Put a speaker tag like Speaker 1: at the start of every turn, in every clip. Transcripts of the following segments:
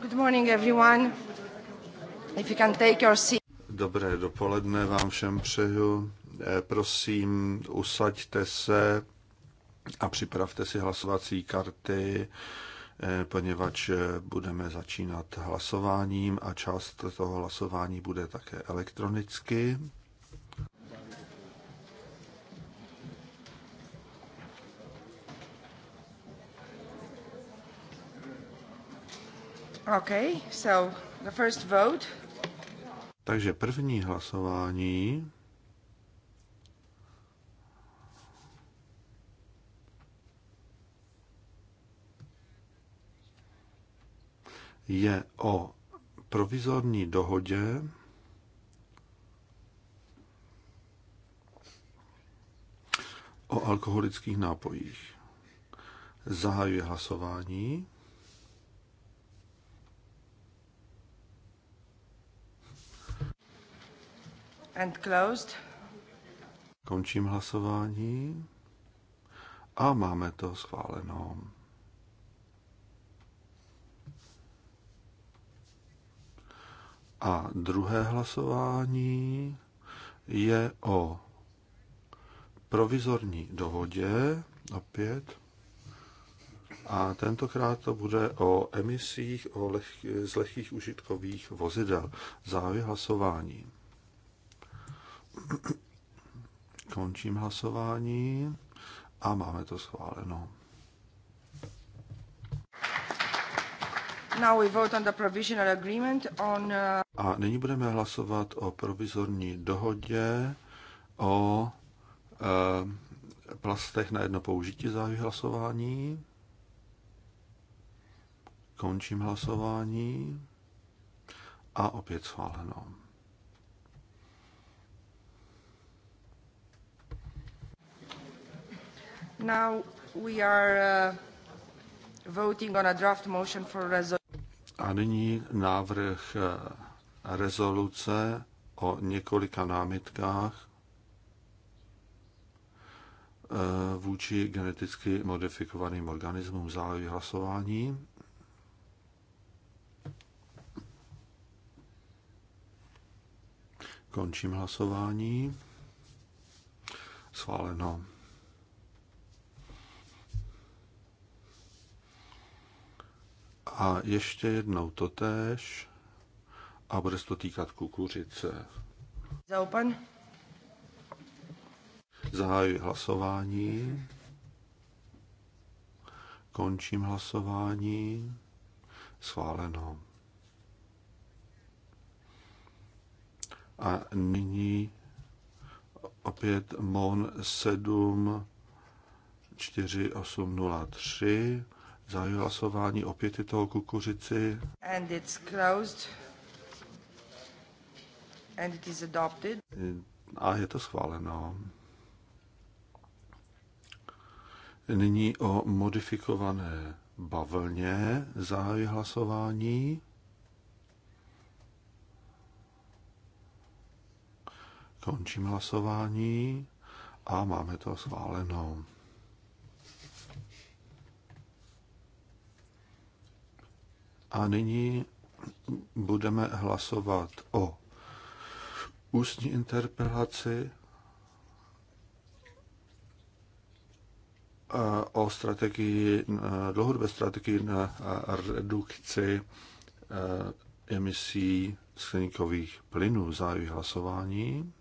Speaker 1: Good morning everyone. If you can take your seat.
Speaker 2: Dobré dopoledne vám všem přeju. Eh, prosím, usaďte se a připravte si hlasovací karty, eh, poněvadž eh, budeme začínat hlasováním a část toho hlasování bude také elektronicky.
Speaker 1: Okay, so the first vote.
Speaker 2: Takže první hlasování je o provizorní dohodě o alkoholických nápojích. Zahajuje hlasování.
Speaker 1: And closed.
Speaker 2: Končím hlasování a máme to schváleno. A druhé hlasování je o provizorní dohodě opět. A tentokrát to bude o emisích o leh- z lehkých užitkových vozidel. Závěr hlasování. Končím hlasování a máme to schváleno.
Speaker 1: Now we vote on the provisional agreement on... Uh,
Speaker 2: a nyní budeme hlasovat o provizorní dohodě o eh, plastech na jedno použití zájmy hlasování. Končím hlasování a opět schváleno.
Speaker 1: Now we are uh, voting on a draft motion for resolution.
Speaker 2: A nyní návrh uh, rezoluce o několika námitkách uh, vůči geneticky modifikovaným organismům záleží hlasování. Končím hlasování. Schváleno. A ještě jednou totéž a bude se to týkat kukuřice. Zaupan. Zahajuji hlasování. Končím hlasování. Schváleno. A nyní opět MON 7 4803 Zahajuji hlasování, opět je toho kukuřici.
Speaker 1: And it's closed. And it is adopted.
Speaker 2: A je to schváleno. Nyní o modifikované bavlně zahajuji hlasování. Končím hlasování a máme to schváleno. A nyní budeme hlasovat o ústní interpelaci o strategii, dlouhodobé strategii na redukci eh, emisí skleníkových plynů. Zájuji hlasování.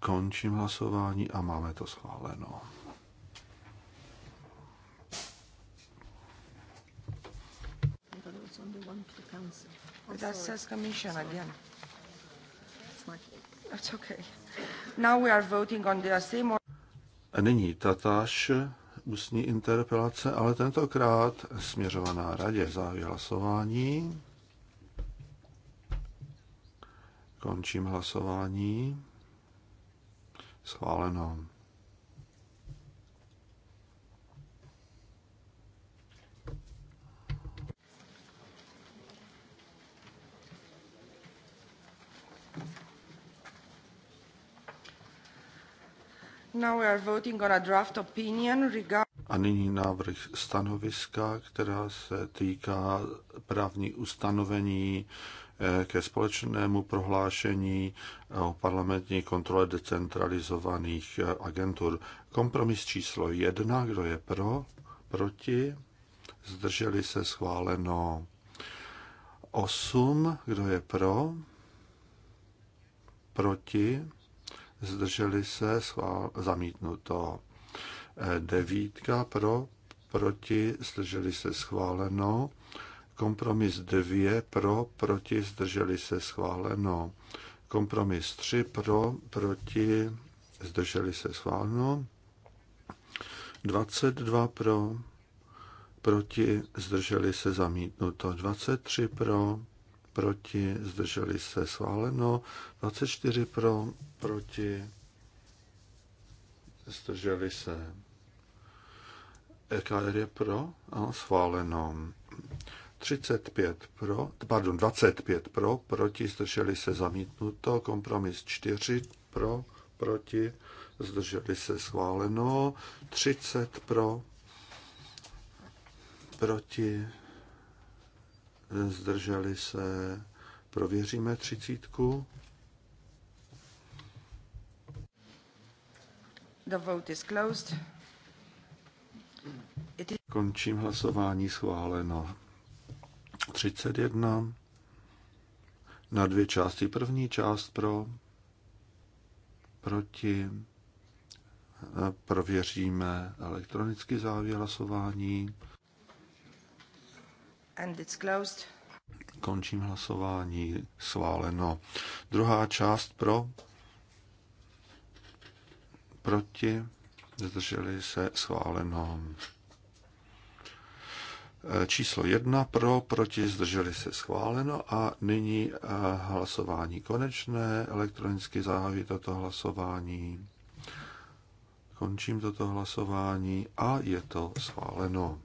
Speaker 2: Končím hlasování a máme to schváleno.
Speaker 1: that says Commission Sorry. again. That's okay. Now we are voting on the same...
Speaker 2: A Nyní tatáž ústní interpelace, ale tentokrát směřovaná radě za vyhlasování. Končím hlasování. Schváleno. a nyní návrh stanoviska, která se týká právní ustanovení eh, ke společnému prohlášení o parlamentní kontrole decentralizovaných eh, agentur. Kompromis číslo jedna, kdo je pro, proti, zdrželi se schváleno osm, kdo je pro, proti, zdrželi se, schvál, zamítnuto. E, devítka pro, proti, zdrželi se, schváleno. Kompromis dvě pro, proti, zdrželi se, schváleno. Kompromis tři pro, proti, zdrželi se, schváleno. 22 pro, proti, zdrželi se, zamítnuto. 23 pro, proti, zdrželi se schváleno, 24 pro, proti, zdrželi se. EKR je pro, ano, schváleno. 35 pro, pardon, 25 pro, proti, zdrželi se zamítnuto, kompromis 4 pro, proti, zdrželi se schváleno, 30 pro, proti, zdrželi se, prověříme třicítku.
Speaker 1: The vote is closed. It is...
Speaker 2: Končím hlasování schváleno. 31 na dvě části. První část pro, proti, prověříme elektronický závěr hlasování.
Speaker 1: And it's closed.
Speaker 2: Končím hlasování. Sváleno. Druhá část pro. Proti. Zdrželi se. Sváleno. E, číslo jedna pro, proti, zdrželi se schváleno a nyní e, hlasování konečné. Elektronicky zahájí toto hlasování. Končím toto hlasování a je to schváleno.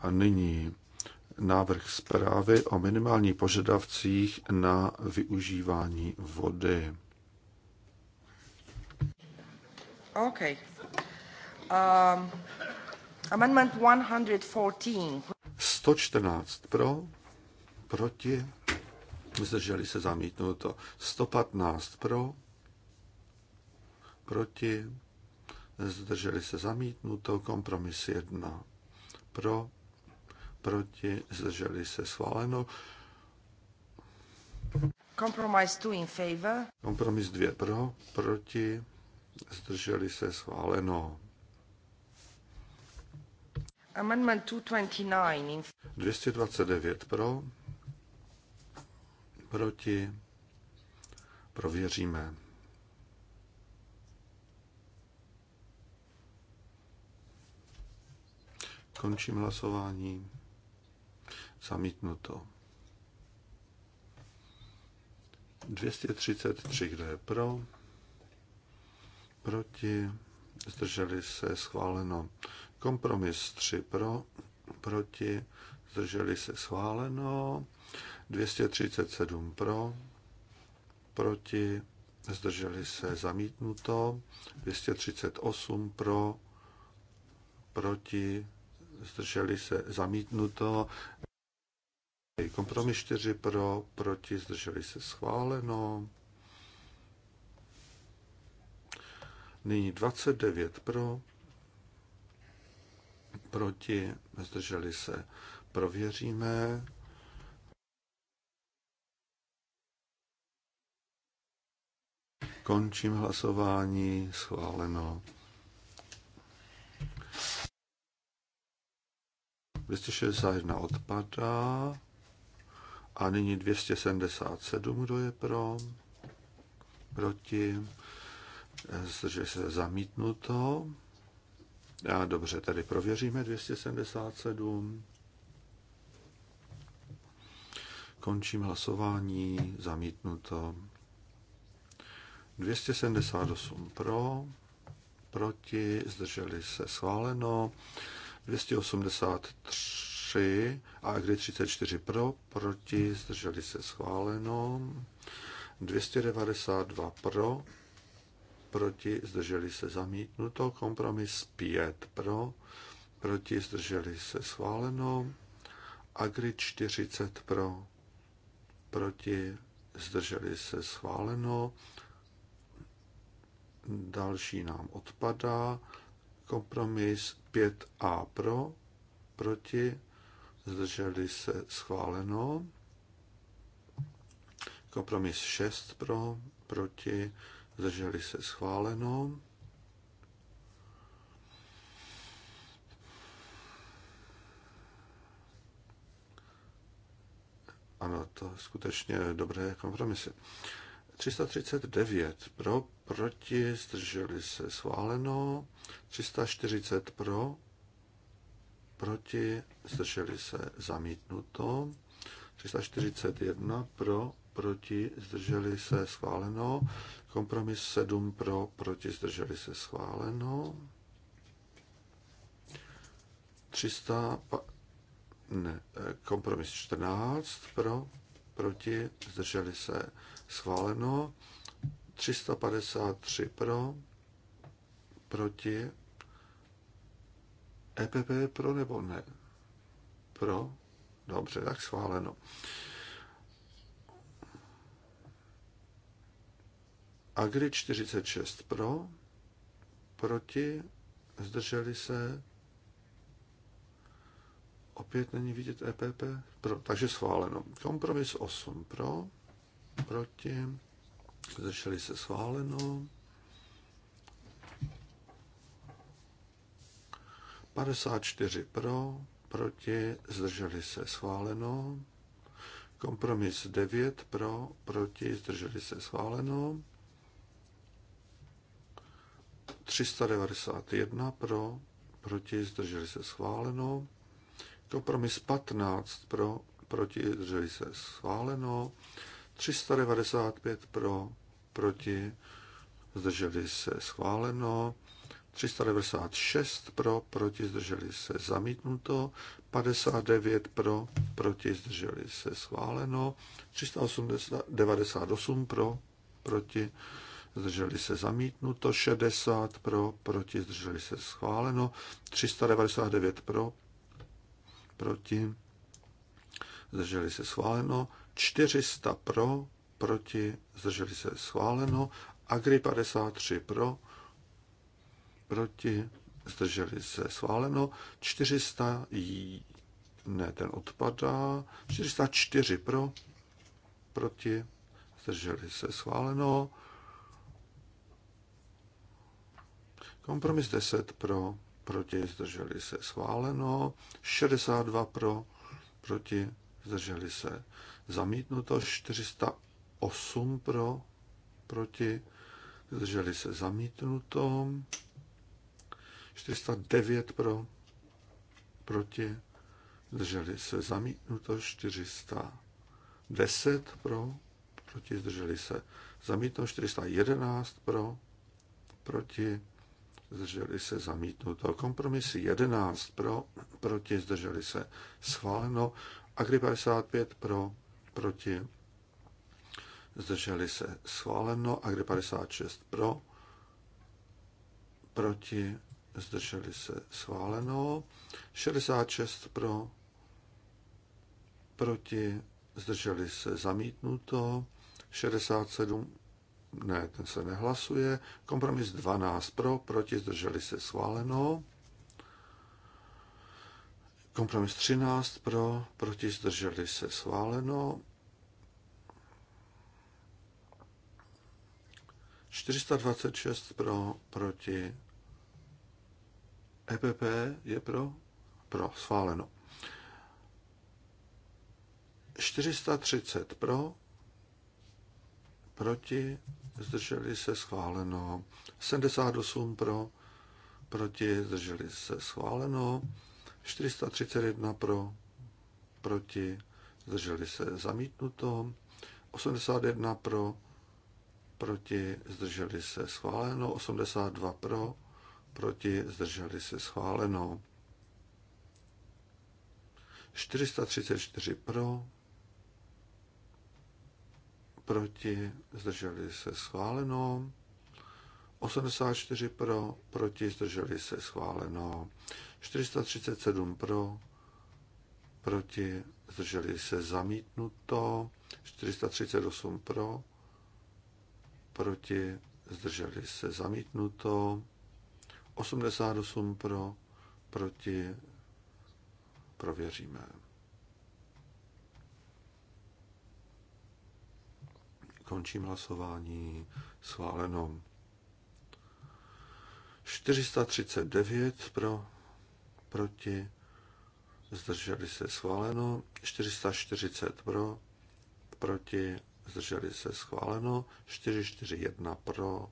Speaker 2: A nyní návrh zprávy o minimálních požadavcích na využívání vody.
Speaker 1: OK. Um, amendment 114.
Speaker 2: 114 pro, proti, zdrželi se zamítnuto. 115 pro, proti, zdrželi se zamítnuto, kompromis 1 pro, proti, zdrželi se schváleno.
Speaker 1: Compromise 2 in favor.
Speaker 2: Kompromis 2 pro, proti, zdrželi se schváleno. Amendment 229 pro, proti, prověříme. Končím hlasování. Zamítnuto. 233, kdo je pro? Proti? Zdrželi se schváleno. Kompromis 3 pro, proti, zdrželi se schváleno. 237 pro, proti, zdrželi se zamítnuto. 238 pro, proti, zdrželi se zamítnuto. Kompromis 4 pro, proti, zdrželi se schváleno. Nyní 29 pro, proti, zdrželi se. Prověříme. Končím hlasování, schváleno. 261 odpadá. A nyní 277, kdo je pro, proti, zdrželi se zamítnuto. A dobře, tady prověříme 277. Končím hlasování, zamítnuto. 278 pro, proti, zdrželi se schváleno. 283 a agri 34 pro, proti, zdrželi se schváleno. 292 pro, proti, zdrželi se zamítnuto. Kompromis 5 pro, proti, zdrželi se schváleno. Agri 40 pro, proti, zdrželi se schváleno. Další nám odpadá. Kompromis 5A pro, proti, zdrželi se schváleno. Kompromis 6 pro, proti, zdrželi se schváleno. Ano, to skutečně dobré kompromisy. 339 pro, proti, zdrželi se schváleno, 340 pro, proti, zdrželi se zamítnuto, 341 pro, proti, zdrželi se schváleno, kompromis 7 pro, proti, zdrželi se schváleno, 300, ne, eh, kompromis 14 pro, proti, zdrželi se schváleno, 353 pro, proti, EPP pro nebo ne? Pro? Dobře, tak schváleno. Agri 46 pro, proti, zdrželi se, opět není vidět EPP, pro, takže schváleno. Kompromis 8 pro, proti, Zdrželi se schváleno. čtyři pro, proti, zdrželi se schváleno. Kompromis 9 pro, proti, zdrželi se schváleno. 391 pro, proti, zdrželi se schváleno. Kompromis 15 pro, proti, zdrželi se schváleno. 395 pro, proti, zdrželi se schváleno, 396 pro, proti, zdrželi se zamítnuto, 59 pro, proti, zdrželi se schváleno, 398 pro, proti, zdrželi se zamítnuto, 60 pro, proti, zdrželi se schváleno, 399 pro, proti, zdrželi se schváleno, 400 pro, proti, zdrželi se schváleno. Agri 53 pro, proti, zdrželi se schváleno. 400 jí, ne, ten odpadá. 404 pro, proti, zdrželi se schváleno. Kompromis 10 pro, proti, zdrželi se schváleno. 62 pro, proti, zdrželi se zamítnuto 408 pro, proti, zdrželi se zamítnuto 409 pro, proti, zdrželi se zamítnuto 410 pro, proti, zdrželi se zamítnuto 411 pro, proti, zdrželi se zamítnuto. Kompromisy 11 pro, proti, zdrželi se schváleno. Agri 55 pro, proti, zdrželi se schváleno, a kde 56 pro, proti, zdrželi se schváleno, 66 pro, proti, zdrželi se zamítnuto, 67 ne, ten se nehlasuje, kompromis 12 pro, proti, zdrželi se schváleno, Kompromis 13 pro, proti zdrželi se sváleno. 426 pro, proti EPP je pro, pro, sváleno. 430 pro, proti, zdrželi se schváleno. 78 e pro, proti, zdrželi se schváleno. 431 pro, proti, zdrželi se zamítnuto, 81 pro, proti, zdrželi se schváleno, 82 pro, proti, zdrželi se schváleno. 434 pro, proti, zdrželi se schváleno. 84 pro, proti, zdrželi se, schváleno. 437 pro, proti, zdrželi se, zamítnuto. 438 pro, proti, zdrželi se, zamítnuto. 88 pro, proti, prověříme. Končím hlasování schváleno. 439 pro, proti, zdrželi se schváleno, 440 pro, proti, zdrželi se schváleno, 441 pro,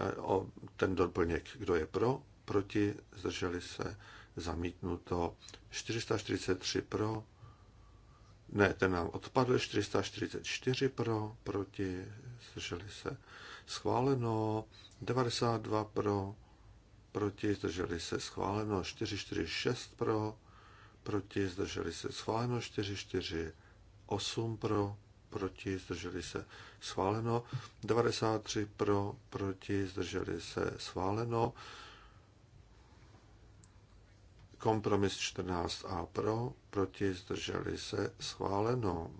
Speaker 2: eh, o ten doplněk, kdo je pro, proti, zdrželi se zamítnuto, 443 pro, ne, ten nám odpadl, 444 pro, proti, zdrželi se schváleno, 92 pro, proti, zdrželi se schváleno, 446 pro, proti, zdrželi se schváleno, 448 pro, proti, zdrželi se schváleno, 93 pro, proti, zdrželi se schváleno, kompromis 14a pro, proti, zdrželi se schváleno.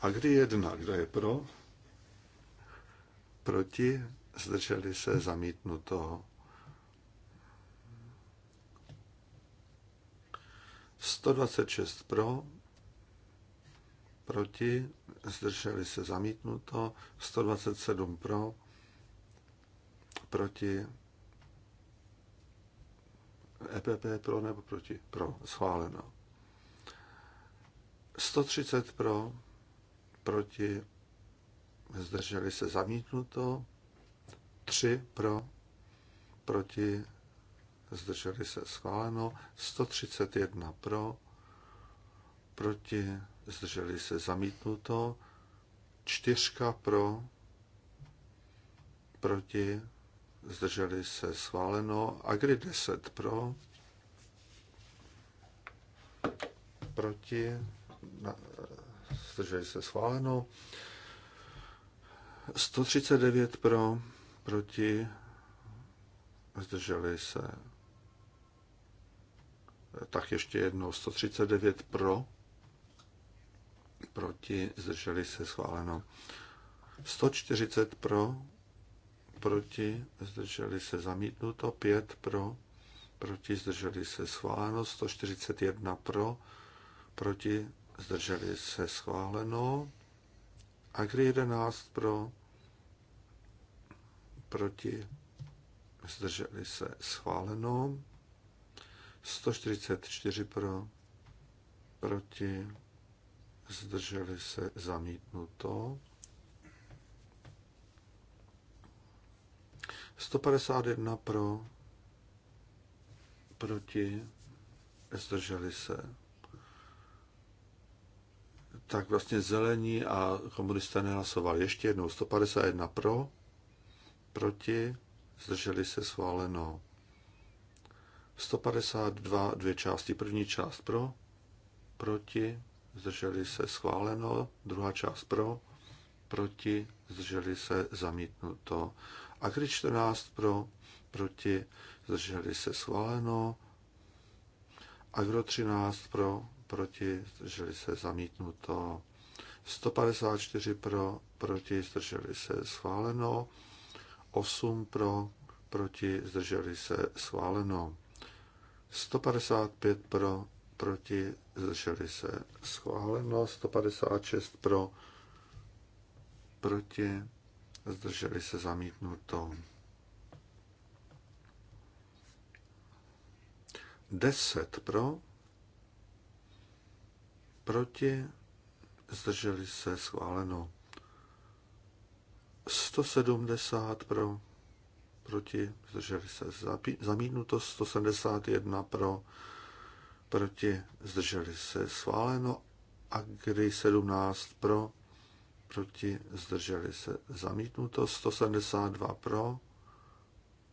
Speaker 2: A kdy jedna, kdo je pro? Proti? Zdrželi se zamítnuto. 126 pro, proti, zdrželi se zamítnuto, 127 pro, proti, EPP pro nebo proti, pro, schváleno. 130 pro, proti, zdrželi se zamítnuto, tři pro, proti, zdrželi se schváleno, 131 pro, proti, zdrželi se zamítnuto, čtyřka pro, proti, zdrželi se schváleno, Agri 10 pro, proti, zdrželi se schváleno. 139 pro, proti, zdrželi se. Tak ještě jednou, 139 pro, proti, zdrželi se schváleno. 140 pro, proti, zdrželi se zamítnuto, 5 pro, proti, zdrželi se schváleno, 141 pro, proti, zdrželi se schváleno. kdy 11 pro, proti, zdrželi se schváleno. 144 pro, proti, zdrželi se zamítnuto. 151 pro, proti, zdrželi se tak vlastně zelení a komunisté nehlasovali. Ještě jednou 151 pro, proti, zdrželi se schváleno. 152 dvě části. První část pro, proti, zdrželi se schváleno. Druhá část pro, proti, zdrželi se zamítnuto. A když 14 pro, proti, zdrželi se schváleno. Agro 13 pro, proti, zdrželi se zamítnuto. 154 pro, proti, zdrželi se schváleno. 8 pro, proti, zdrželi se schváleno. 155 pro, proti, zdrželi se schváleno. 156 pro, proti, zdrželi se zamítnuto. 10 pro, proti, zdrželi se schváleno. 170 pro, proti, zdrželi se zamítnuto, 171 pro, proti, zdrželi se schváleno, Agri 17 pro, proti, zdrželi se zamítnuto, 172 pro,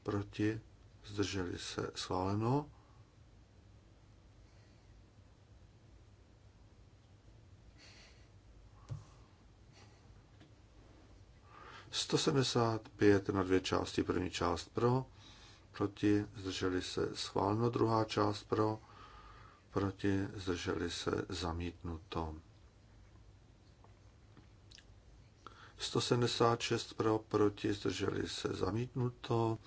Speaker 2: proti, zdrželi se schváleno, 175 na dvě části. První část pro, proti, zdrželi se schváleno. Druhá část pro, proti, zdrželi se zamítnuto. 176 pro, proti, zdrželi se zamítnuto.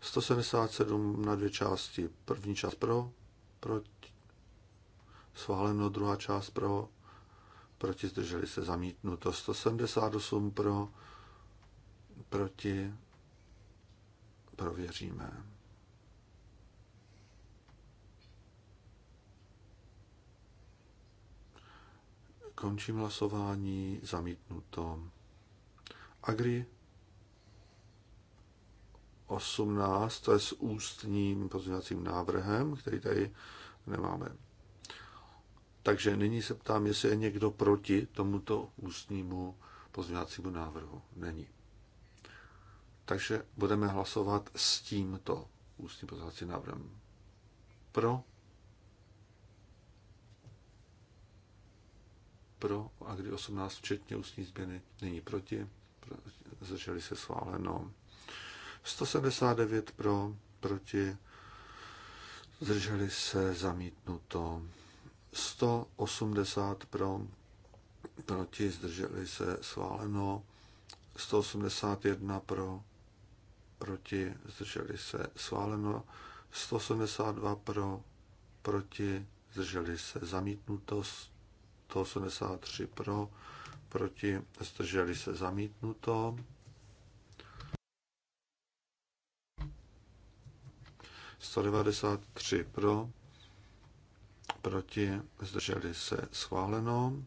Speaker 2: 177 na dvě části. První část pro, proti, schváleno, druhá část pro, proti, zdrželi se zamítnuto. 178 pro, proti, prověříme. Končím hlasování, zamítnuto. Agri 18, to je s ústním pozměňovacím návrhem, který tady nemáme. Takže nyní se ptám, jestli je někdo proti tomuto ústnímu pozměňovacímu návrhu. Není. Takže budeme hlasovat s tímto ústním pozvacím návrhem. Pro. Pro a kdy 18 včetně ústní změny není proti. Zdrželi se sváleno. 179 pro, proti. Zdrželi se zamítnuto. 180 pro, proti, zdrželi se sváleno, 181 pro, proti, zdrželi se, schváleno 182 pro, proti, zdrželi se, zamítnuto 183 pro, proti, zdrželi se, zamítnuto. Sto devadesát tři pro, proti, zdrželi se, schváleno.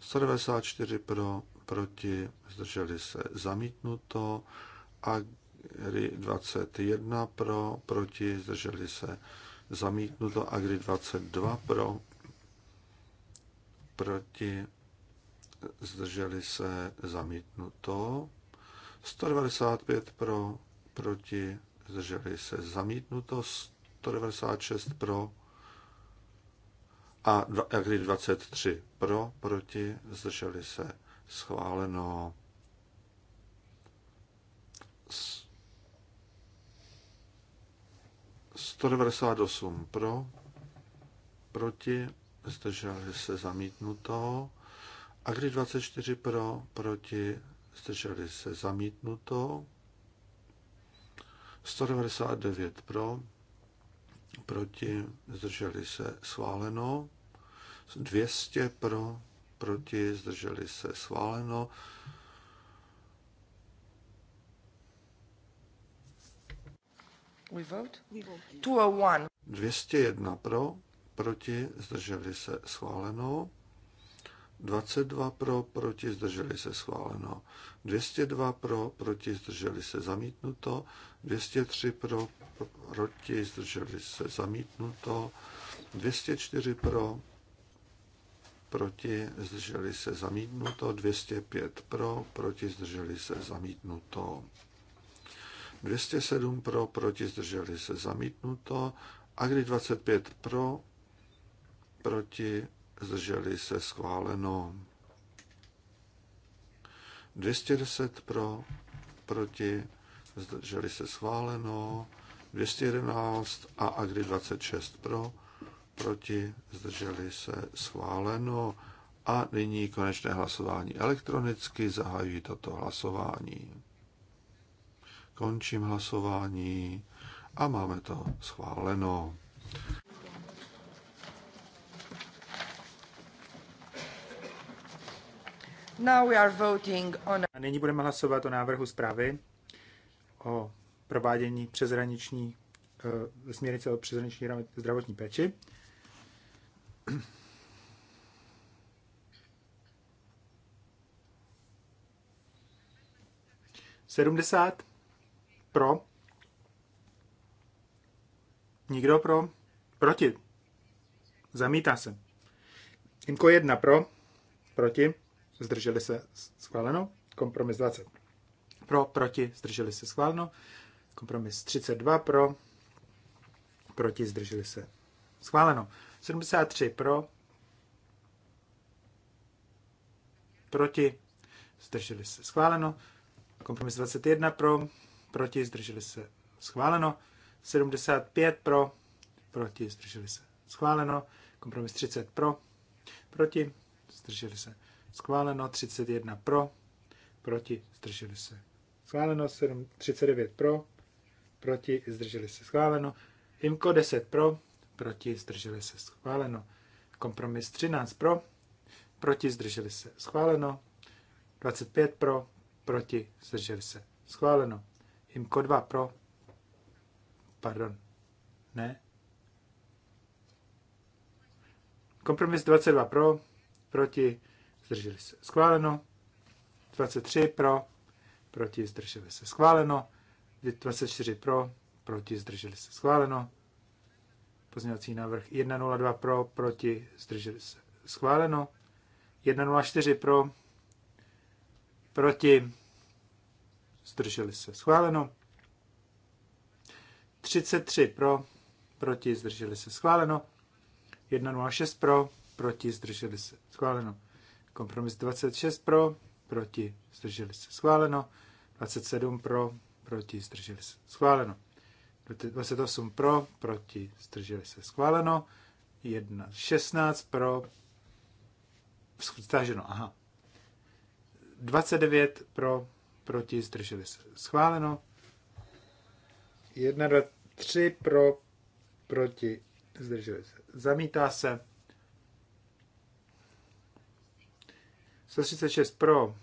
Speaker 2: 194 pro, proti, zdrželi se, zamítnuto. A Agri 21 pro, proti, zdrželi se zamítnuto. Agri 22 pro, proti, zdrželi se zamítnuto. 195 pro, proti, zdrželi se zamítnuto. 196 pro a Agri 23 pro, proti, zdrželi se schváleno. 198 pro, proti, zdrželi se zamítnuto. A když 24 pro, proti, zdrželi se zamítnuto. 199 pro, proti, zdrželi se schváleno. 200 pro, proti, zdrželi se schváleno.
Speaker 1: 201.
Speaker 2: 201 pro, proti, zdrželi se schváleno. 22 pro, proti, zdrželi se schváleno. 202 pro, proti, zdrželi se zamítnuto. 203 pro, proti, zdrželi se zamítnuto. 204 pro, proti, zdrželi se zamítnuto. 205 pro, proti, zdrželi se zamítnuto. 207 pro, proti zdrželi se zamítnuto. Agri 25 pro, proti zdrželi se schváleno. 210 pro, proti zdrželi se schváleno. 211 a Agri 26 pro, proti zdrželi se schváleno. A nyní konečné hlasování elektronicky zahajují toto hlasování. Končím hlasování a máme to schváleno.
Speaker 3: Now we are voting on... A nyní budeme hlasovat o návrhu zprávy o provádění přezraniční e, eh, směrnice o přezraniční zdravotní péči. Sedmdesát pro. Nikdo pro. Proti. Zamítá se. Inko 1 pro. Proti. Zdrželi se. Schváleno. Kompromis 20. Pro. Proti. Zdrželi se. Schváleno. Kompromis 32 pro. Proti. Zdrželi se. Schváleno. 73 pro. Proti. Zdrželi se. Schváleno. Kompromis 21 pro proti, zdrželi se, schváleno. 75 pro, proti, zdrželi se, schváleno. Kompromis 30 pro, proti, zdrželi se, schváleno. 31 pro, proti, zdrželi se, schváleno. 7, 39 pro, proti, zdrželi se, schváleno. Imko 10 pro, proti, zdrželi se, schváleno. Kompromis 13 pro, proti, zdrželi se, schváleno. 25 pro, proti, zdrželi se, schváleno. IMCO 2 pro. Pardon. Ne. Kompromis 22 pro, proti, zdrželi se. Schváleno. 23 pro, proti, zdrželi se. Schváleno. 24 pro, proti, zdrželi se. Schváleno. Pozměňovací návrh 102 pro, proti, zdrželi se. Schváleno. 104 pro, proti, zdrželi se. Schváleno. 33 pro, proti, zdrželi se. Schváleno. 106 pro, proti, zdrželi se. Schváleno. Kompromis 26 pro, proti, zdrželi se. Schváleno. 27 pro, proti, zdrželi se. Schváleno. 28 pro, proti, zdrželi se. Schváleno. 1, 16 pro, staženo, aha. 29 pro, proti, zdrželi se. Schváleno. 1, 2, 3 pro, proti, zdrželi se. Zamítá se. 136 pro,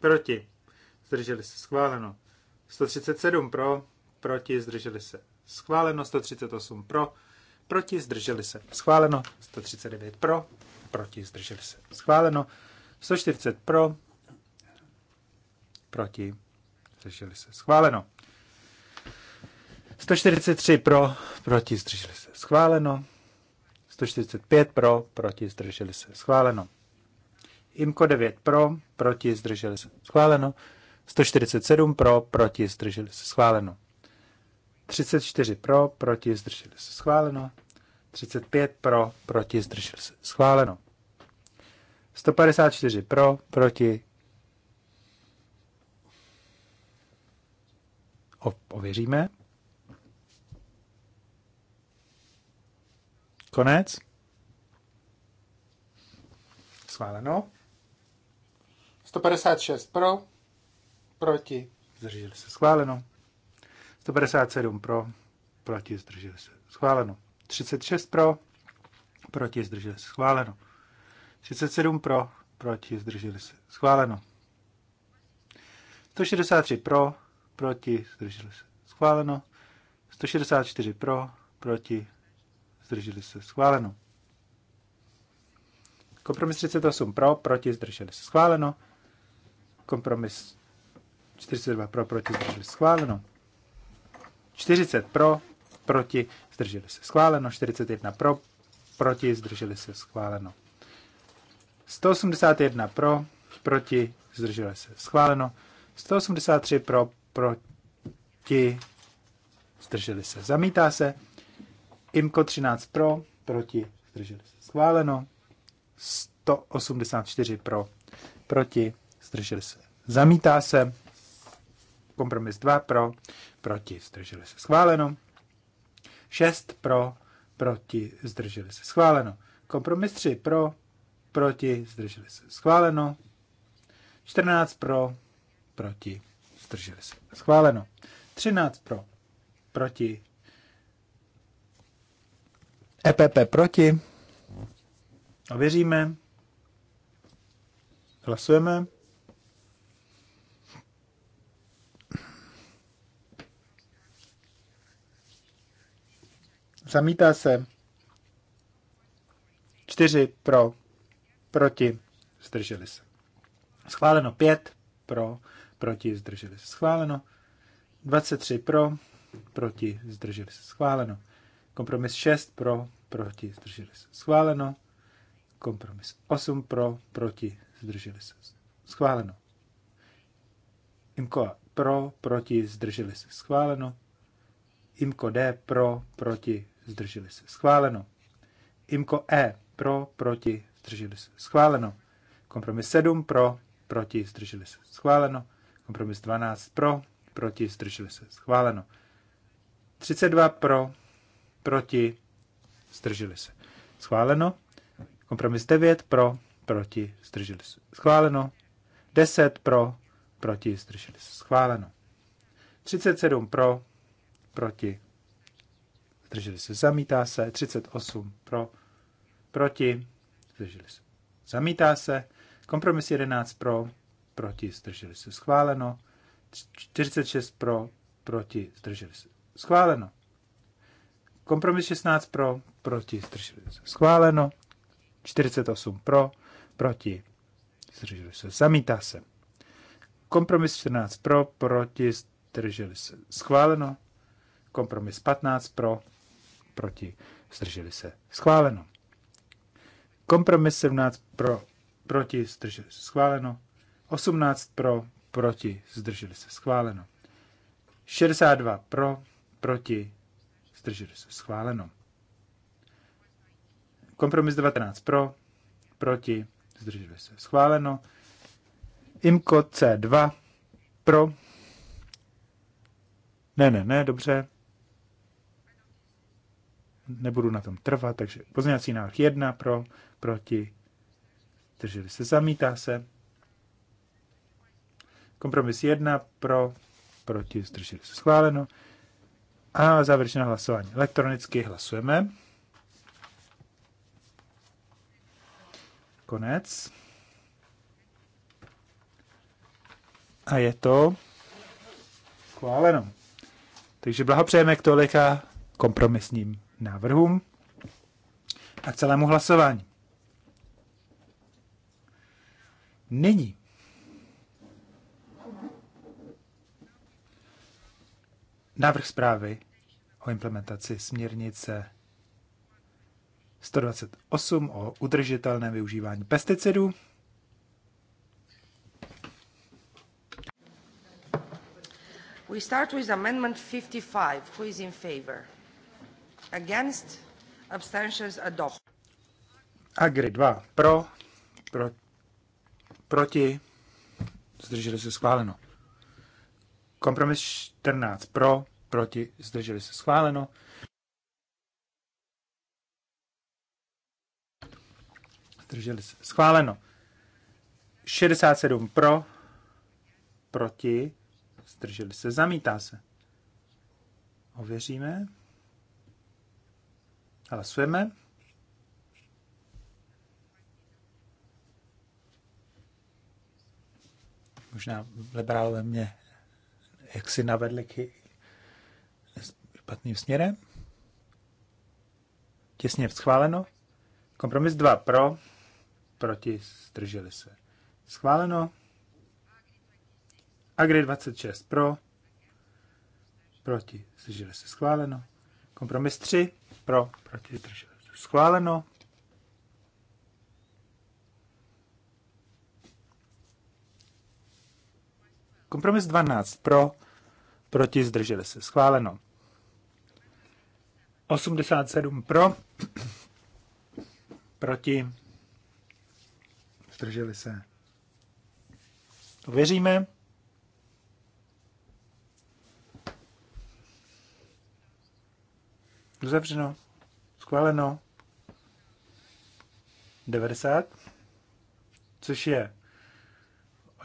Speaker 3: proti, zdrželi se. Schváleno. 137 pro, proti, zdrželi se. Schváleno. 138 pro, proti, zdrželi se. Schváleno. 139 pro, proti, zdrželi se. Schváleno. 140 pro, proti, zdrželi se, schváleno. 143 pro, proti, zdrželi se, schváleno. 145 pro, proti, zdrželi se, schváleno. IMKO 9 pro, proti, zdrželi se, schváleno. 147 pro, proti, zdrželi se, schváleno. 34 pro, proti, zdrželi se, schváleno. 35 pro, proti, zdrželi se, schváleno. 154 pro, proti, ověříme. Konec. Schváleno. 156 pro, proti, zdrželi se. Schváleno. 157 pro, proti, zdrželi se. Schváleno. 36 pro, proti, zdrželi se. Schváleno. 37 pro, proti, zdrželi se. Schváleno. 163 pro, proti, zdrželi se, schváleno. 164 pro, proti, zdrželi se, schváleno. Kompromis 38 pro, proti, zdrželi se, schváleno. Kompromis 42 pro, proti, zdrželi se, schváleno. 40 pro, proti, zdrželi se, schváleno. 41 pro, proti, zdrželi se, schváleno. 181 pro, proti, zdrželi se, schváleno. 183 pro, proti, zdrželi se, zamítá se. IMKO 13 pro, proti, zdrželi se, schváleno. 184 pro, proti, zdrželi se, zamítá se. Kompromis 2 pro, proti, zdrželi se, schváleno. 6 pro, proti, zdrželi se, schváleno. Kompromis 3 pro, proti, zdrželi se, schváleno. 14 pro, proti, zdrželi se. Schváleno. 13 pro, proti. EPP proti. Ověříme. Hlasujeme. Zamítá se. čtyři pro, proti, zdrželi se. Schváleno pět pro, proti, zdrželi se schváleno. 23 pro, proti, zdrželi se schváleno. Kompromis 6 pro, proti, zdrželi se schváleno. Kompromis 8 pro, proti, zdrželi se schváleno. Imko pro, proti, zdrželi se schváleno. Imko D pro, proti, zdrželi se schváleno. Imko E pro, proti, zdrželi se schváleno. Kompromis 7 pro, proti, zdrželi se schváleno. Kompromis 12 pro, proti, zdrželi se. Schváleno. 32 pro, proti, zdrželi se. Schváleno. Kompromis 9 pro, proti, zdrželi se. Schváleno. 10 pro, proti, zdrželi se. Schváleno. 37 pro, proti, zdrželi se. Zamítá se. 38 pro, proti, zdrželi se. Zamítá se. Kompromis 11 pro, proti, zdrželi se, schváleno. 46 pro, proti, zdrželi se, schváleno. Kompromis 16 pro, proti, zdrželi se, schváleno. 48 pro, proti, zdrželi se, zamítá se. Kompromis 14 pro, proti, zdrželi se, schváleno. Kompromis 15 pro, proti, zdrželi se, schváleno. Kompromis 17 pro, proti, zdrželi se, schváleno. 18 pro, proti, zdrželi se, schváleno. 62 pro, proti, zdrželi se, schváleno. Kompromis 19 pro, proti, zdrželi se, schváleno. IMKO C2 pro, ne, ne, ne, dobře. Nebudu na tom trvat, takže pozměňovací návrh 1 pro, proti, zdrželi se, zamítá se. Kompromis 1 pro, proti, zdrželi se schváleno. A závěrečné hlasování. Elektronicky hlasujeme. Konec. A je to schváleno. Takže blahopřejeme k tolika kompromisním návrhům a k celému hlasování. Nyní Návrh zprávy o implementaci směrnice 128 o udržitelném využívání pesticidů.
Speaker 1: We start with amendment 55. Who is in favor? Against? Abstentions adopt.
Speaker 3: Agri 2. Pro. pro proti. Zdrželi se schváleno. Kompromis 14 pro, proti, zdrželi se schváleno. Zdrželi se schváleno. 67 pro, proti, zdrželi se, zamítá se. Ověříme. Hlasujeme. Možná liberálové mě jak si navedli k špatným směrem. Těsně schváleno. Kompromis 2 pro, proti, zdrželi se. Schváleno. Agri 26 pro, proti, zdrželi se. Schváleno. Kompromis 3 pro, proti, zdrželi se. Schváleno. Kompromis 12 pro, proti zdrželi se. Schváleno. 87 pro, proti zdrželi se. Věříme. Zavřeno. Schváleno. 90. Což je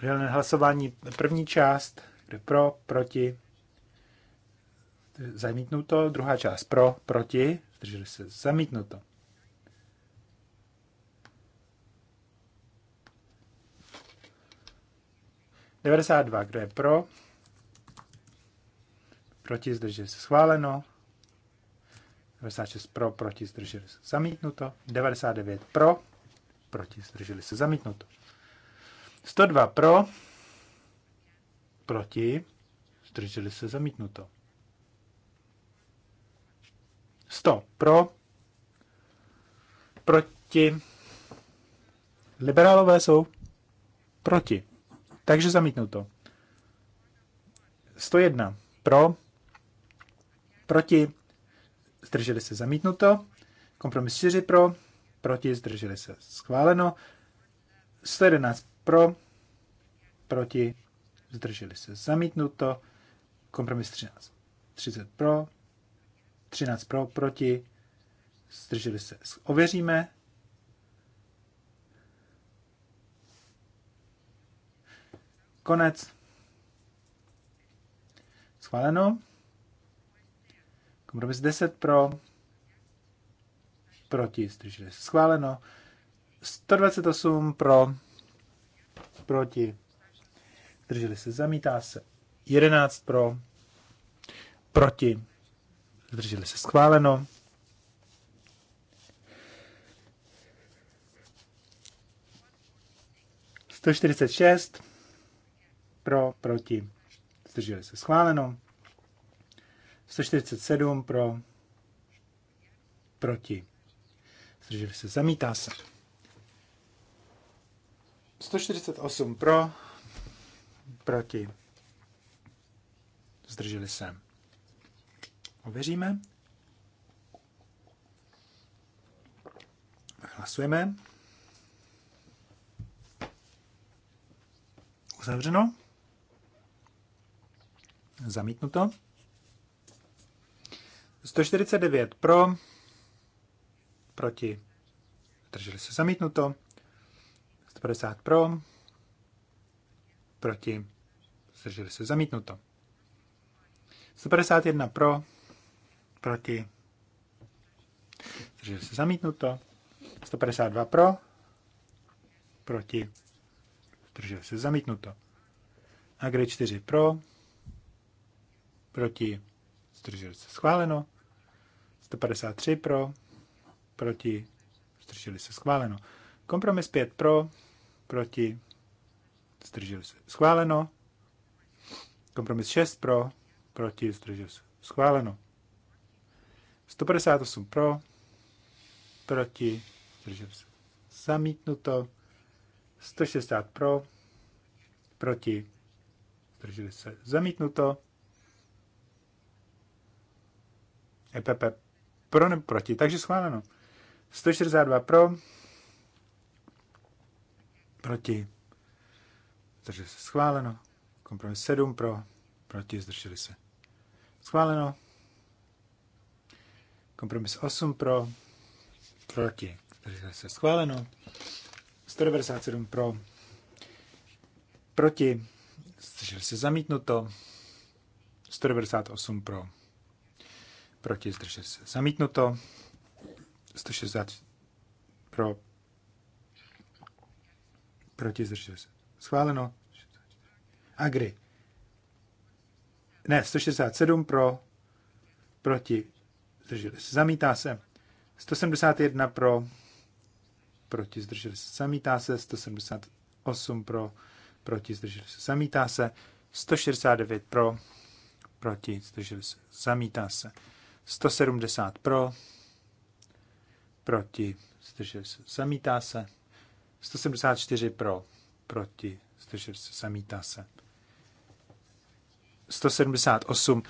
Speaker 3: Oddělené hlasování první část, kde pro, proti, zamítnuto, druhá část pro, proti, zdrželi se, zamítnuto. Devadesát dva, kdo je pro, proti, zdrželi se, schváleno. 96 pro, proti, zdrželi se, zamítnuto. 99 pro, proti, zdrželi se, zamítnuto. 102 pro, proti, zdrželi se zamítnuto. 100 pro, proti, liberálové jsou proti, takže zamítnuto. 101 pro, proti, zdrželi se zamítnuto. Kompromis 4 pro, proti, zdrželi se schváleno. 111 pro, proti, zdrželi se. Zamítnuto. Kompromis 13. 30 pro, 13 pro, proti, zdrželi se. Ověříme. Konec. Schváleno. Kompromis 10 pro, proti, zdrželi se. Schváleno. 128 pro, proti, zdrželi se, zamítá se. 11 pro, proti, zdrželi se, schváleno. Sto čtyřicet šest pro, proti, zdrželi se, schváleno. 147 pro, proti. Zdrželi se, zamítá se. 148 pro, proti, zdrželi se. Ověříme. Hlasujeme. Uzavřeno. Zamítnuto. 149 pro, proti, drželi se zamítnuto. 150 pro, proti, zdrželi se zamítnuto. 151 pro, proti, zdrželi se zamítnuto. 152 pro, proti, zdrželi se zamítnuto. Agri 4 pro, proti, zdrželi se schváleno. 153 pro, proti, zdrželi se schváleno. Kompromis 5 pro, proti, zdržel se. Schváleno. Kompromis 6 pro, proti, zdržel se. Schváleno. 158 pro, proti, zdržel se. Zamítnuto. 160 pro, proti, zdržel se. Zamítnuto. EPP pro nebo proti, takže schváleno. 162 pro, proti, Takže se schváleno. Kompromis 7 pro, proti, zdrželi se schváleno. Kompromis 8 pro, proti, zdrželi se schváleno. 197 pro, proti, zdrželi se zamítnuto. 198 pro, proti, zdrželi se zamítnuto. 160 pro, proti, zdrželi se. Schváleno. Agri. Ne, 167 pro, proti, zdrželi se. Zamítá se. 171 pro, proti, zdrželi se. Zamítá se. 178 pro, proti, zdrželi se. Zamítá se. 169 pro, proti, zdrželi se. Zamítá se. 170 pro, proti, zdrželi se. Zamítá se. 174 pro, proti, zdrželi se, zamítá se. 178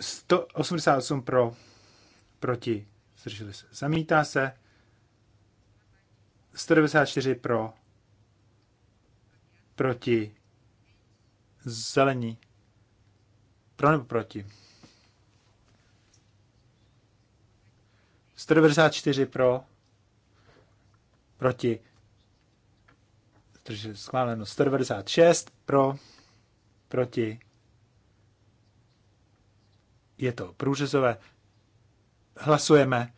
Speaker 3: 188 pro, proti, zdrželi se, zamítá se. 194 pro, proti, zelení. Pro nebo proti? 194 pro, proti, protože schváleno 196 pro, proti, je to průřezové, hlasujeme.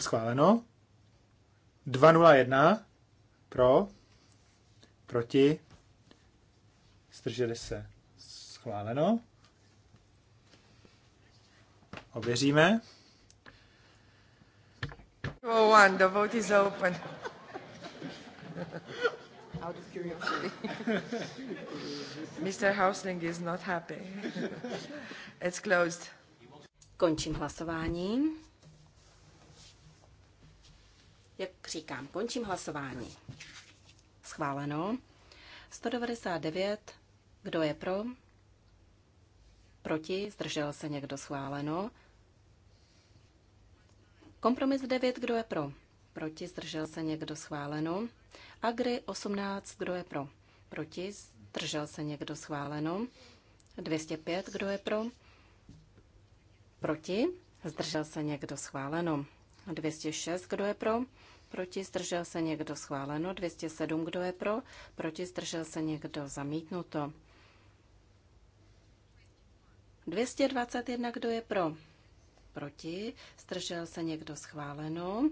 Speaker 3: Schváleno. 201 pro, proti, zdrželi se schváleno. Ověříme.
Speaker 1: Oh, one, the vote is open. Out of curiosity. Mr. Hausling is not happy. It's closed. Končím
Speaker 4: hlasování. Jak říkám, končím hlasování. Schváleno. 199 kdo je pro? Proti? Zdržel se někdo schváleno? Kompromis 9. Kdo je pro? Proti? Zdržel se někdo schváleno? Agri 18. Kdo je pro? Proti? Zdržel se někdo schváleno? 205. Kdo je pro? Proti? Zdržel se někdo schváleno? 206. Kdo je pro? Proti zdržel se někdo schváleno, 207 kdo je pro, proti zdržel se někdo zamítnuto. 221, kdo je pro? Proti. Stržel se někdo schváleno?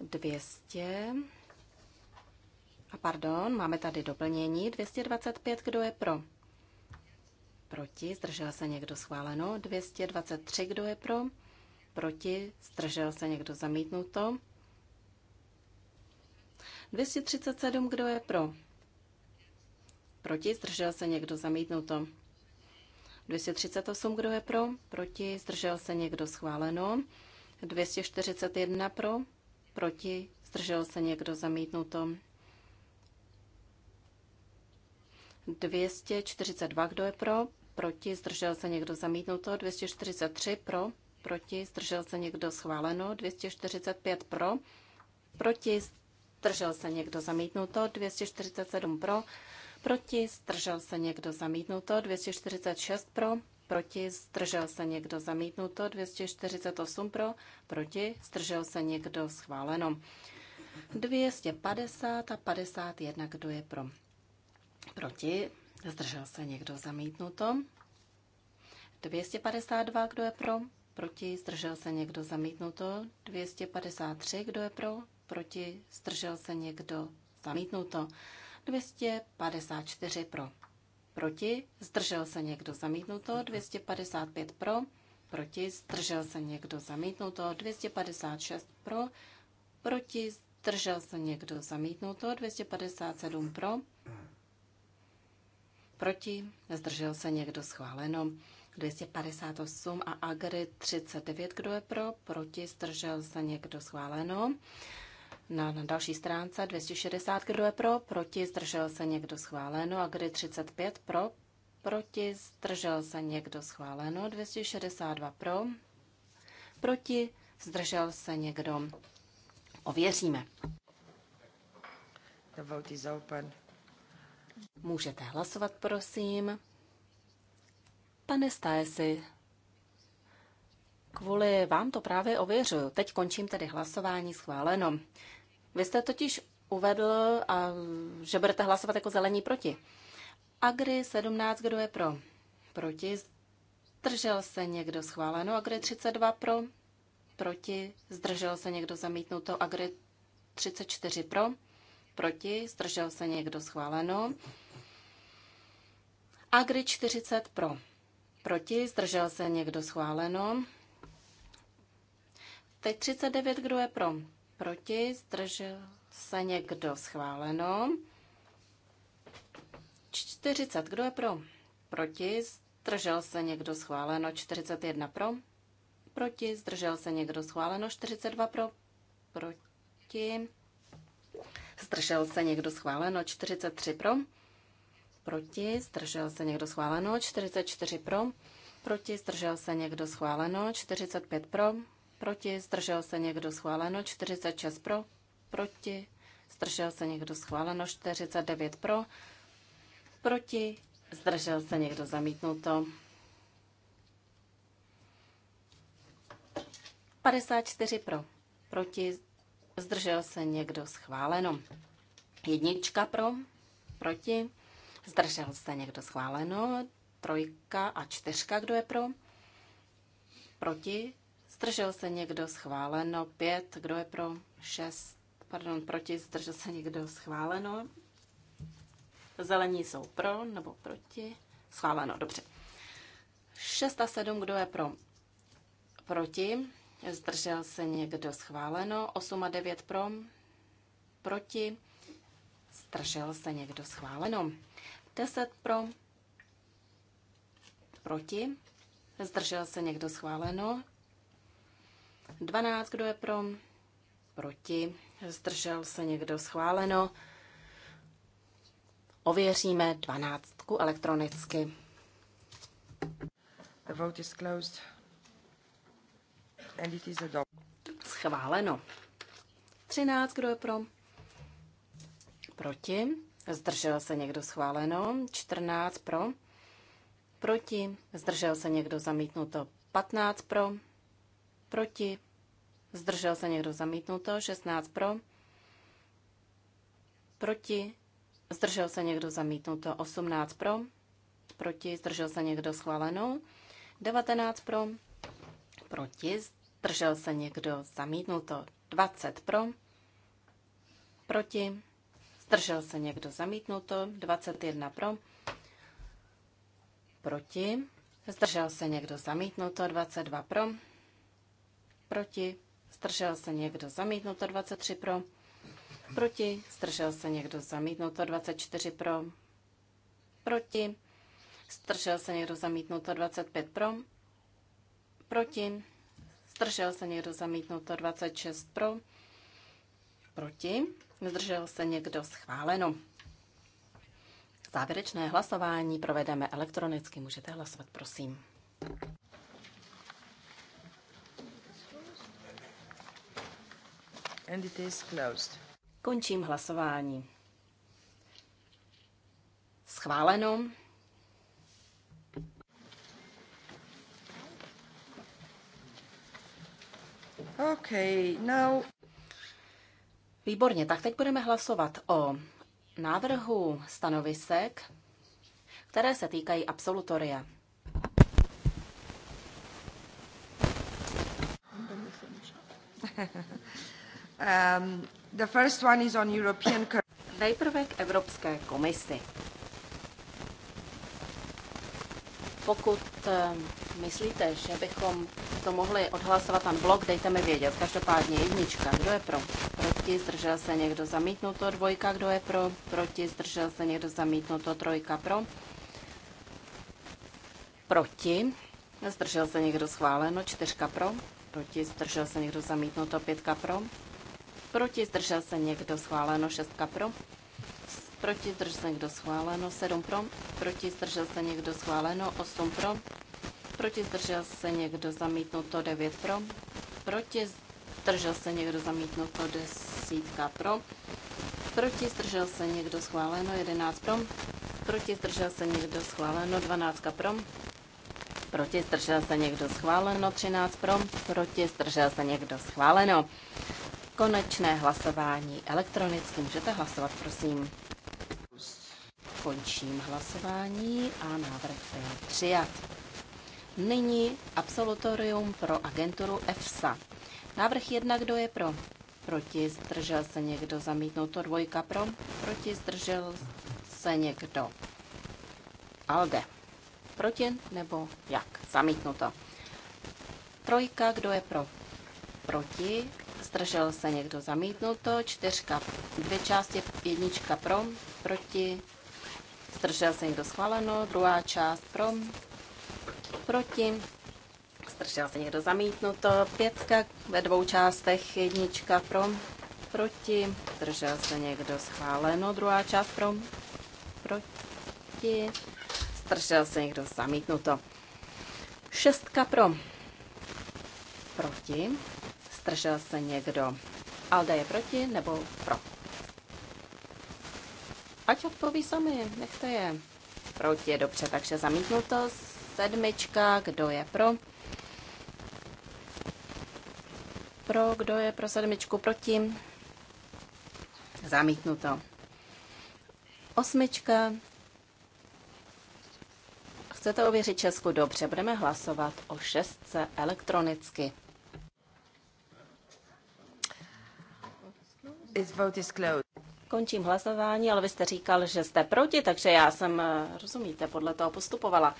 Speaker 4: 200. A pardon, máme tady doplnění. 225, kdo je pro? Proti. Zdržel se někdo schváleno? 223, kdo je pro? Proti. Zdržel se někdo zamítnuto? 237, kdo je pro? proti, zdržel se někdo zamítnuto. 238, kdo je pro, proti, zdržel se někdo schváleno. 241 pro, proti, zdržel se někdo zamítnuto. 242, kdo je pro, proti, zdržel se někdo zamítnuto. 243 pro, proti, zdržel se někdo schváleno. 245 pro, proti, zdržel se někdo zamítnuto. 247 pro, proti, zdržel se někdo zamítnuto, 246 pro, proti, zdržel se někdo zamítnuto, 248 pro, proti, zdržel se někdo schváleno. 250 a 51, kdo je pro? Proti, zdržel se někdo zamítnuto. 252, kdo je pro? Proti, zdržel se někdo zamítnuto. 253, kdo je pro? Proti, zdržel se někdo zamítnuto. 254 pro. Proti. Zdržel se někdo zamítnuto. 255 pro. Proti. Zdržel se někdo zamítnuto. 256 pro. Proti. Zdržel se někdo zamítnuto. 257 pro. Proti. Zdržel se někdo schváleno. 258 a Agri 39, kdo je pro, proti, zdržel se někdo schváleno. Na, na další stránce 260, kdo je pro, proti, zdržel se někdo schváleno a kdy 35 pro, proti, zdržel se někdo schváleno, 262 pro, proti, zdržel se někdo. Ověříme. The vote is open. Můžete hlasovat, prosím. Pane Stajesi, kvůli vám to právě ověřuju. Teď končím tedy hlasování schváleno. Vy jste totiž uvedl, a, že budete hlasovat jako zelení proti. Agri 17, kdo je pro? Proti. Zdržel se někdo schváleno. Agri 32 pro? Proti. Zdržel se někdo zamítnuto. Agri 34 pro? Proti. Zdržel se někdo schváleno. Agri 40 pro. Proti. Zdržel se někdo schváleno. Teď 39, kdo je pro? proti, zdržel se někdo schváleno. 40, kdo je pro? Proti, zdržel se někdo schváleno. 41 pro, proti, zdržel se někdo schváleno. 42 pro, proti, zdržel se někdo schváleno. 43 pro, proti, zdržel se někdo schváleno. 44 pro, proti, zdržel se někdo schváleno. 45 pro, proti, zdržel se někdo schváleno, 46 pro, proti, zdržel se někdo schváleno, 49 pro, proti, zdržel se někdo zamítnuto. 54 pro, proti, zdržel se někdo schváleno. Jednička pro, proti, zdržel se někdo schváleno. Trojka a čtyřka, kdo je pro, proti, Zdržel se někdo schváleno? Pět. Kdo je pro? Šest. Pardon, proti. Zdržel se někdo schváleno? Zelení jsou pro nebo proti? Schváleno, dobře. šest a sedm kdo je pro? Proti. Zdržel se někdo schváleno. osm a devět pro. Proti. Zdržel se někdo schváleno. deset pro. Proti. Zdržel se někdo schváleno. 12, kdo je pro? Proti. Zdržel se někdo schváleno. Ověříme 12 elektronicky. The vote is closed. And it is Schváleno. 13, kdo je pro? Proti. Zdržel se někdo schváleno. 14 pro. Proti. Zdržel se někdo zamítnuto. 15 pro proti, zdržel se někdo zamítnuto, 16 pro, proti, zdržel se někdo zamítnuto, 18 pro, proti, zdržel se někdo schváleno, 19 pro, proti, zdržel se někdo zamítnuto, 20 pro, proti, zdržel se někdo zamítnuto, 21 pro, proti, zdržel se někdo zamítnuto, 22 pro, proti, zdržel se někdo zamítnuto 23 pro, proti, zdržel se někdo zamítnuto 24 pro, proti, zdržel se někdo zamítnuto 25 pro, proti, zdržel se někdo zamítnuto 26 pro, proti, zdržel se někdo schváleno. Závěrečné hlasování provedeme elektronicky. Můžete hlasovat, prosím. And it is closed. Končím hlasování. Schváleno. Okay, now... Výborně, tak teď budeme hlasovat o návrhu stanovisek, které se týkají absolutoria.
Speaker 1: Um, the first one is on European... Nejprve k Evropské
Speaker 4: komisi. Pokud um, myslíte, že bychom to mohli odhlasovat ten blok, dejte mi vědět. Každopádně jednička, kdo je pro? Proti, zdržel se někdo zamítnuto, dvojka, kdo je pro? Proti, zdržel se někdo zamítnuto, trojka pro? Proti, zdržel se někdo schváleno, čtyřka pro? Proti, zdržel se někdo zamítnuto, pětka pro? proti, zdržel se někdo schváleno, 6 pro, proti, zdržel se někdo schváleno, sedm pro, proti, zdržel se někdo schváleno, osm pro, proti, zdržel se někdo zamítnuto, devět pro, proti, zdržel se někdo zamítnuto, 10 pro, proti, zdržel se někdo schváleno, jedenáct pro, proti, zdržel se někdo schváleno, 12 pro, proti, zdržel se někdo schváleno, 13 pro, proti, zdržel se někdo schváleno. Konečné hlasování elektronicky. Můžete hlasovat, prosím. Končím hlasování a návrh byl přijat. Nyní absolutorium pro agenturu EFSA. Návrh jednak kdo je pro? Proti, zdržel se někdo, to dvojka pro, proti, zdržel se někdo. Alde. Proti nebo jak? Zamítnuto. Trojka, kdo je pro? Proti, zdržel se někdo zamítnuto, čtyřka, dvě části, jednička pro, proti, zdržel se někdo schváleno, druhá část pro, proti, zdržel se někdo zamítnuto, pětka ve dvou částech, jednička pro, proti, zdržel se někdo schváleno, druhá část pro, proti, zdržel se někdo zamítnuto, šestka pro, proti, Zdržel se někdo? Alda je proti nebo pro? Ať odpoví sami, nechte je. Proti je dobře, takže zamítnuto. Sedmička, kdo je pro? Pro, kdo je pro sedmičku, proti? Zamítnuto. Osmička. Chcete ověřit Česku? Dobře, budeme hlasovat o šestce elektronicky. Končím hlasování, ale vy jste říkal, že jste proti, takže já jsem, eh, rozumíte, podle toho postupovala.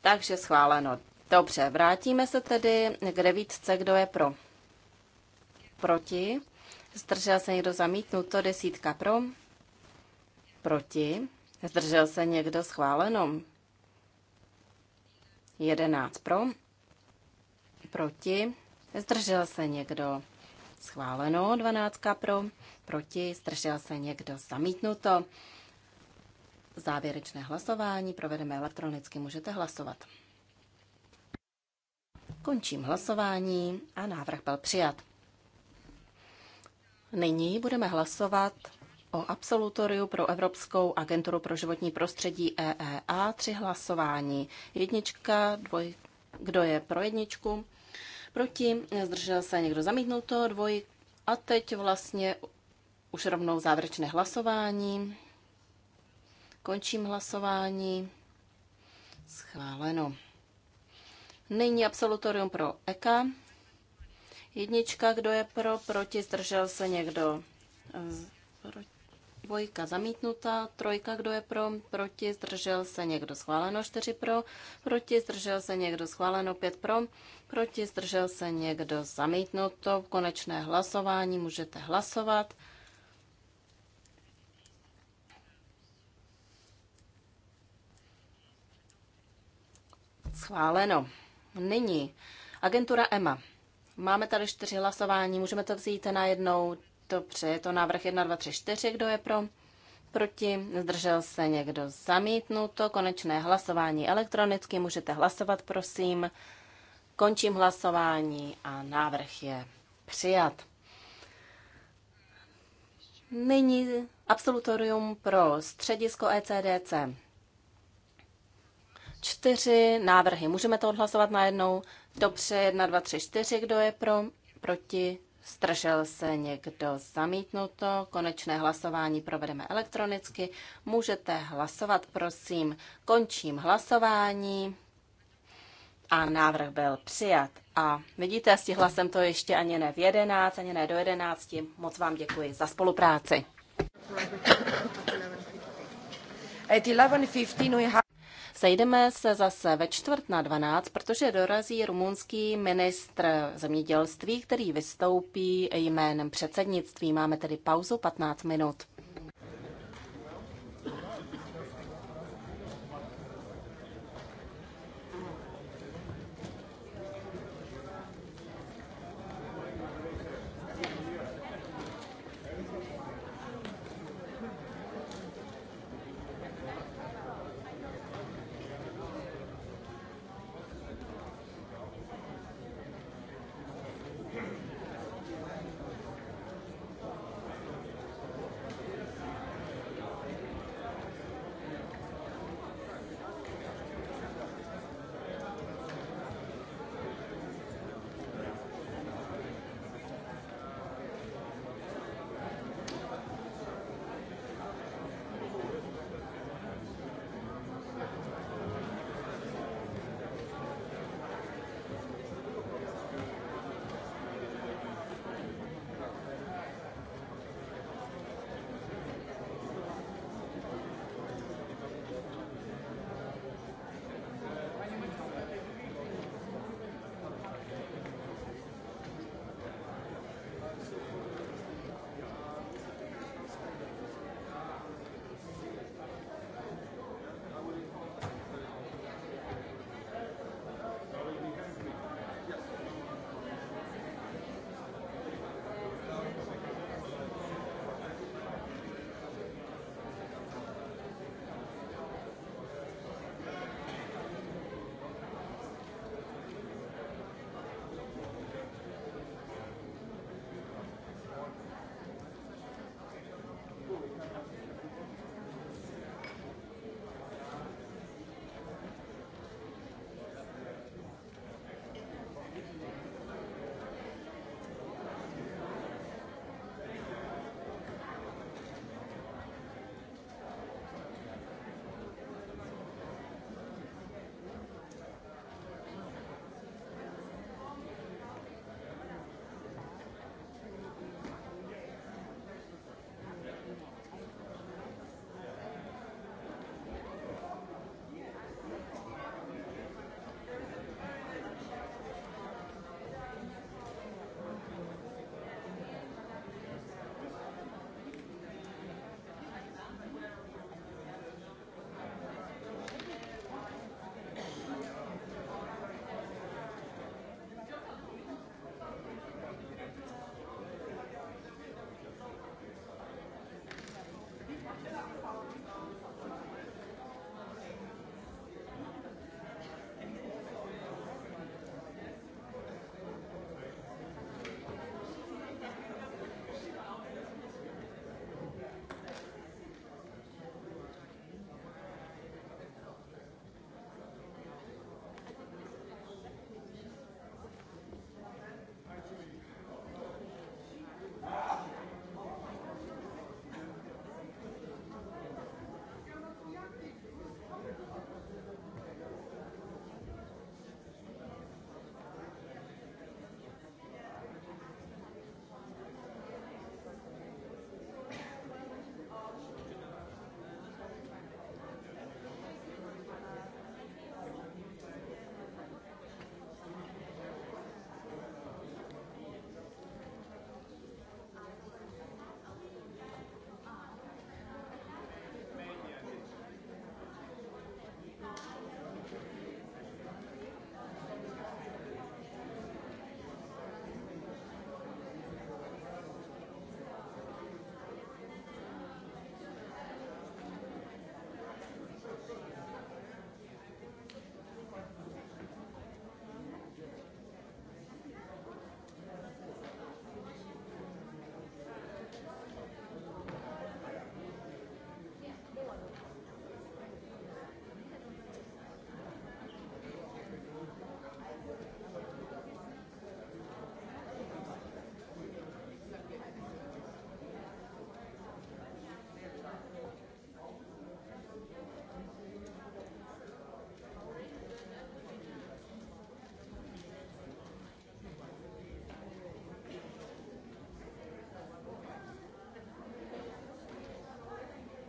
Speaker 4: Takže schváleno. Dobře, vrátíme se tedy k devítce, kdo je pro. Proti. Zdržel se někdo zamítnuto, desítka pro. Proti. Zdržel se někdo schváleno. Jedenáct pro. Proti. Zdržel se někdo. Schváleno. 12 pro. Proti. stržel se někdo. Zamítnuto. Závěrečné hlasování provedeme elektronicky. Můžete hlasovat. Končím hlasování a návrh byl přijat. Nyní budeme hlasovat o absolutoriu pro Evropskou agenturu pro životní prostředí EEA. Tři hlasování. Jednička, dvoj, kdo je pro jedničku, proti, zdržel se někdo zamítnuto, dvoj. A teď vlastně už rovnou závěrečné hlasování. Končím hlasování. Schváleno. Nyní absolutorium pro EKA. Jednička, kdo je pro, proti, zdržel se někdo. Proti Dvojka zamítnuta, trojka, kdo je pro, proti, zdržel se někdo schváleno, čtyři pro, proti, zdržel se někdo schváleno, pět pro, proti, zdržel se někdo zamítnuto. V Konečné hlasování můžete hlasovat. Schváleno. Nyní agentura EMA. Máme tady čtyři hlasování, můžeme to vzít na jednou Dobře, je to návrh 1, 2, 3, 4. Kdo je pro? Proti? Zdržel se někdo? Zamítnuto. Konečné hlasování elektronicky. Můžete hlasovat, prosím. Končím hlasování a návrh je přijat. Nyní absolutorium pro středisko ECDC. Čtyři návrhy. Můžeme to odhlasovat najednou. Dobře, jedna dva, tři čtyři Kdo je pro? Proti? Stržel se někdo zamítnuto? Konečné hlasování provedeme elektronicky. Můžete hlasovat, prosím. Končím hlasování. A návrh byl přijat. A vidíte, stihla jsem to ještě ani ne v 11, ani ne do 11. Moc vám děkuji za spolupráci. At 11.15 Sejdeme se zase ve čtvrt na 12, protože dorazí rumunský ministr zemědělství, který vystoupí jménem předsednictví. Máme tedy pauzu 15 minut.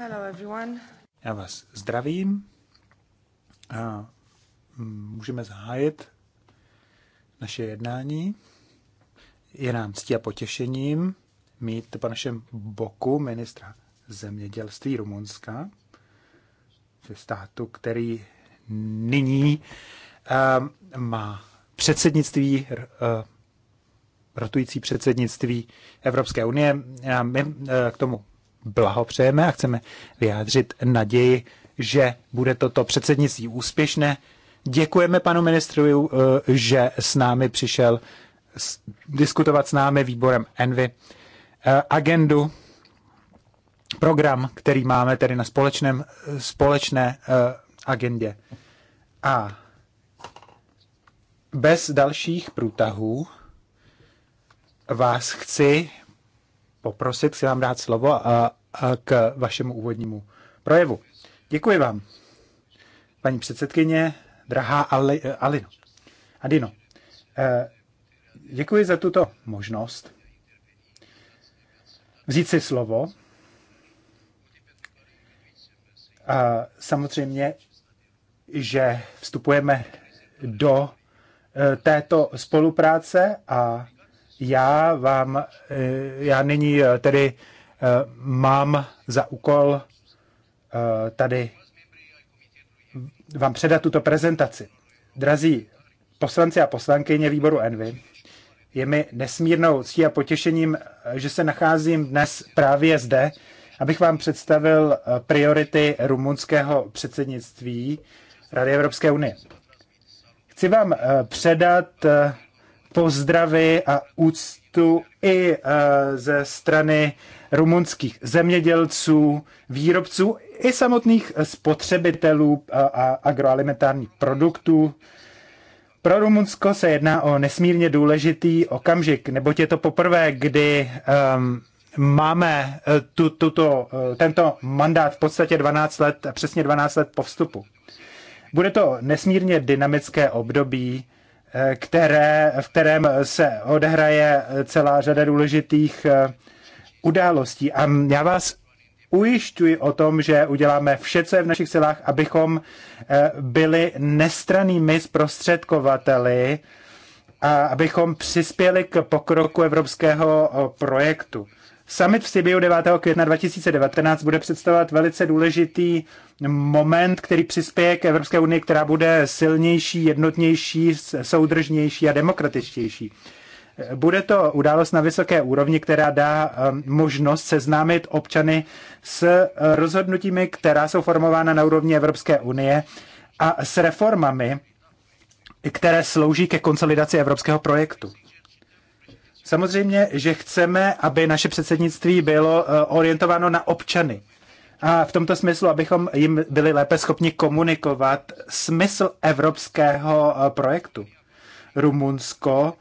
Speaker 1: Hello everyone.
Speaker 3: Já vás zdravím a můžeme zahájit naše jednání. Je nám ctí a potěšením mít po našem boku ministra zemědělství Rumunska, ze státu, který nyní um, má předsednictví uh, rotující předsednictví Evropské unie. A my e, k tomu blahopřejeme a chceme vyjádřit naději, že bude toto předsednictví úspěšné. Děkujeme panu ministru, uh, že s námi přišel diskutovat s námi výborem Envy uh, agendu, program, který máme tedy na společném, společné uh, agendě. A bez dalších průtahů vás chci poprosit, chci vám dát slovo a, a k vašemu úvodnímu projevu. Děkuji vám, paní předsedkyně, drahá Ali, Alino. Adino, eh, děkuji za tuto možnost vzít si slovo. A samozřejmě, že vstupujeme do eh, této spolupráce a já vám, eh, já nyní eh, tedy eh, mám za úkol tady vám předat tuto prezentaci. Drazí poslanci a poslankyně výboru Envy, je mi nesmírnou ctí a potěšením, že se nacházím dnes právě zde, abych vám představil priority rumunského předsednictví Rady Evropské unie. Chci vám předat pozdravy a úctu i eh, ze strany rumunských zemědělců, výrobců i samotných spotřebitelů eh, a agroalimentárních produktů. Pro Rumunsko se jedná o nesmírně důležitý okamžik, neboť je to poprvé, kdy um, máme eh, tu, tuto, tento mandát v podstatě 12 let, přesně 12 let po vstupu. Bude to nesmírně dynamické období, Eh, které, v kterém se odehraje celá řada důležitých eh, událostí. A já vás ujišťuji o tom, že uděláme vše, co je v našich silách, abychom eh, byli nestranými zprostředkovateli a abychom přispěli k pokroku evropského projektu. Summit v Sibiu 9. května 2019 bude představovat velice důležitý moment, který přispěje k Evropské unii, která bude silnější, jednotnější, soudržnější a demokratičtější. Bude to událost na vysoké úrovni, která dá um, možnost seznámit občany s uh, rozhodnutími, která jsou formována na úrovni Evropské unie a s reformami, které slouží ke konsolidaci evropského projektu. Samozřejmě, že chceme, aby naše předsednictví bylo eh, orientováno na občany. A v tomto smyslu, abychom jim byli lépe schopni komunikovat smysl evropského eh, projektu. Rumunsko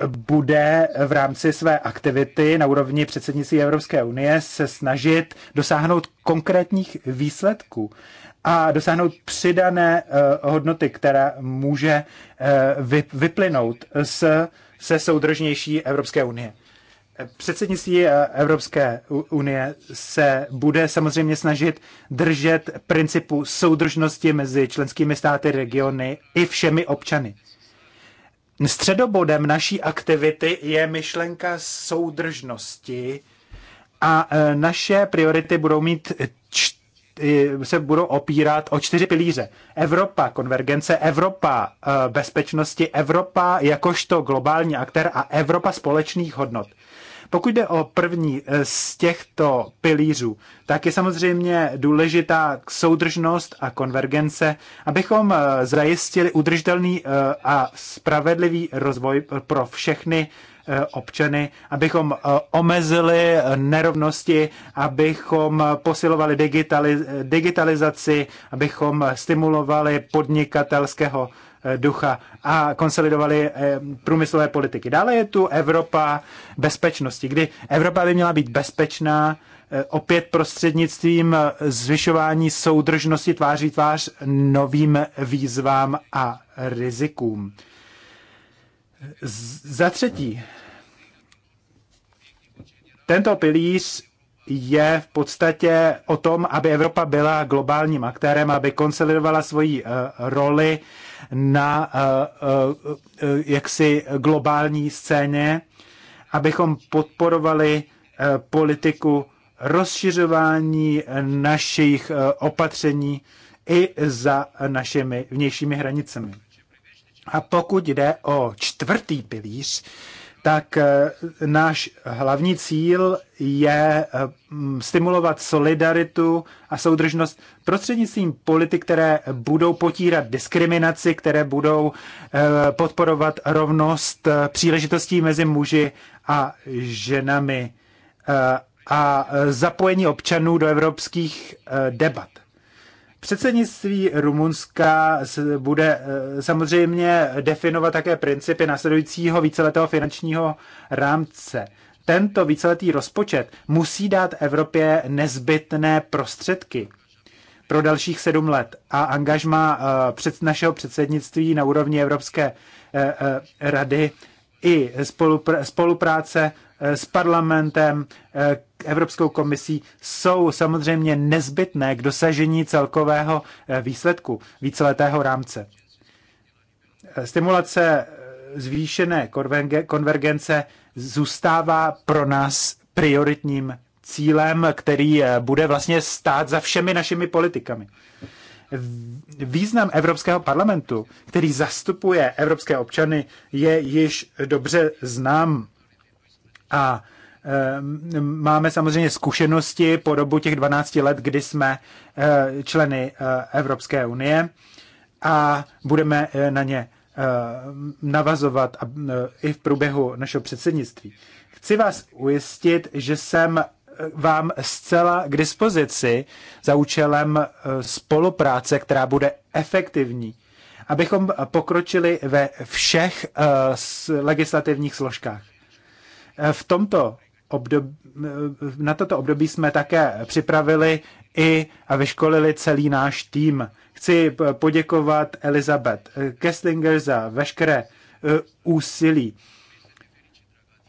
Speaker 3: eh, bude v rámci své aktivity na úrovni předsednictví Evropské unie se snažit dosáhnout konkrétních výsledků a dosáhnout přidané hodnoty, která může vyplynout z se soudržnější Evropské unie. Předsednictví Evropské unie se bude samozřejmě snažit držet principu soudržnosti mezi členskými státy, regiony i všemi občany. Středobodem naší aktivity je myšlenka soudržnosti a e, naše priority budou mít čtyři se budou opírat o čtyři pilíře. Evropa konvergence, Evropa eh, bezpečnosti, Evropa jakožto globální aktér a Evropa společných hodnot. Pokud jde o první eh, z těchto pilířů, tak je samozřejmě důležitá soudržnost a konvergence, abychom eh, zajistili udržitelný a spravedlivý rozvoj pro všechny Eh, občany, abychom eh, omezili eh, nerovnosti, abychom posilovali digitalizaci, abychom stimulovali podnikatelského ducha a konsolidovali průmyslové politiky. Dále je tu Evropa bezpečnosti, kdy Evropa by měla být bezpečná opět prostřednictvím zvyšování soudržnosti tváří tvář novým výzvám a rizikům. Za třetí, tento pilíř je v podstatě o tom, aby Evropa byla globálním aktérem, aby konsolidovala svoji uh, roli na uh, uh, jaksi globální scéně, abychom podporovali uh, politiku rozšiřování našich uh, opatření i za našimi vnějšími hranicemi. A pokud jde o čtvrtý pilíř, tak e, náš hlavní cíl je e, stimulovat solidaritu a soudržnost prostřednictvím politik, které budou potírat diskriminaci, které budou e, podporovat rovnost příležitostí mezi muži a ženami a zapojení občanů do evropských debat. Předsednictví Rumunska bude eh, samozřejmě definovat také principy následujícího víceletého finančního rámce. Tento víceletý rozpočet musí dát Evropě nezbytné prostředky pro dalších sedm let a angažma eh, před našeho předsednictví na úrovni Evropské eh, rady i spolupráce Eh, s parlamentem, eh, Evropskou komisí jsou samozřejmě nezbytné k dosažení celkového eh, výsledku víceletého rámce. Stimulace zvýšené konvergence zůstává pro nás prioritním cílem, který bude vlastně stát za všemi našimi politikami. Význam Evropského parlamentu, který zastupuje evropské občany, je již dobře znám a eh, máme samozřejmě zkušenosti po dobu těch 12 let, kdy jsme eh, členy eh, Evropské unie a budeme na ně navazovat i v průběhu našeho předsednictví. Chci vás ujistit, že jsem vám zcela k dispozici za účelem spolupráce, která bude efektivní, abychom pokročili ve všech legislativních složkách. V tomto období, na toto období jsme také připravili i a vyškolili celý náš tým. Chci poděkovat Elizabeth Kesslinger za veškeré e, úsilí,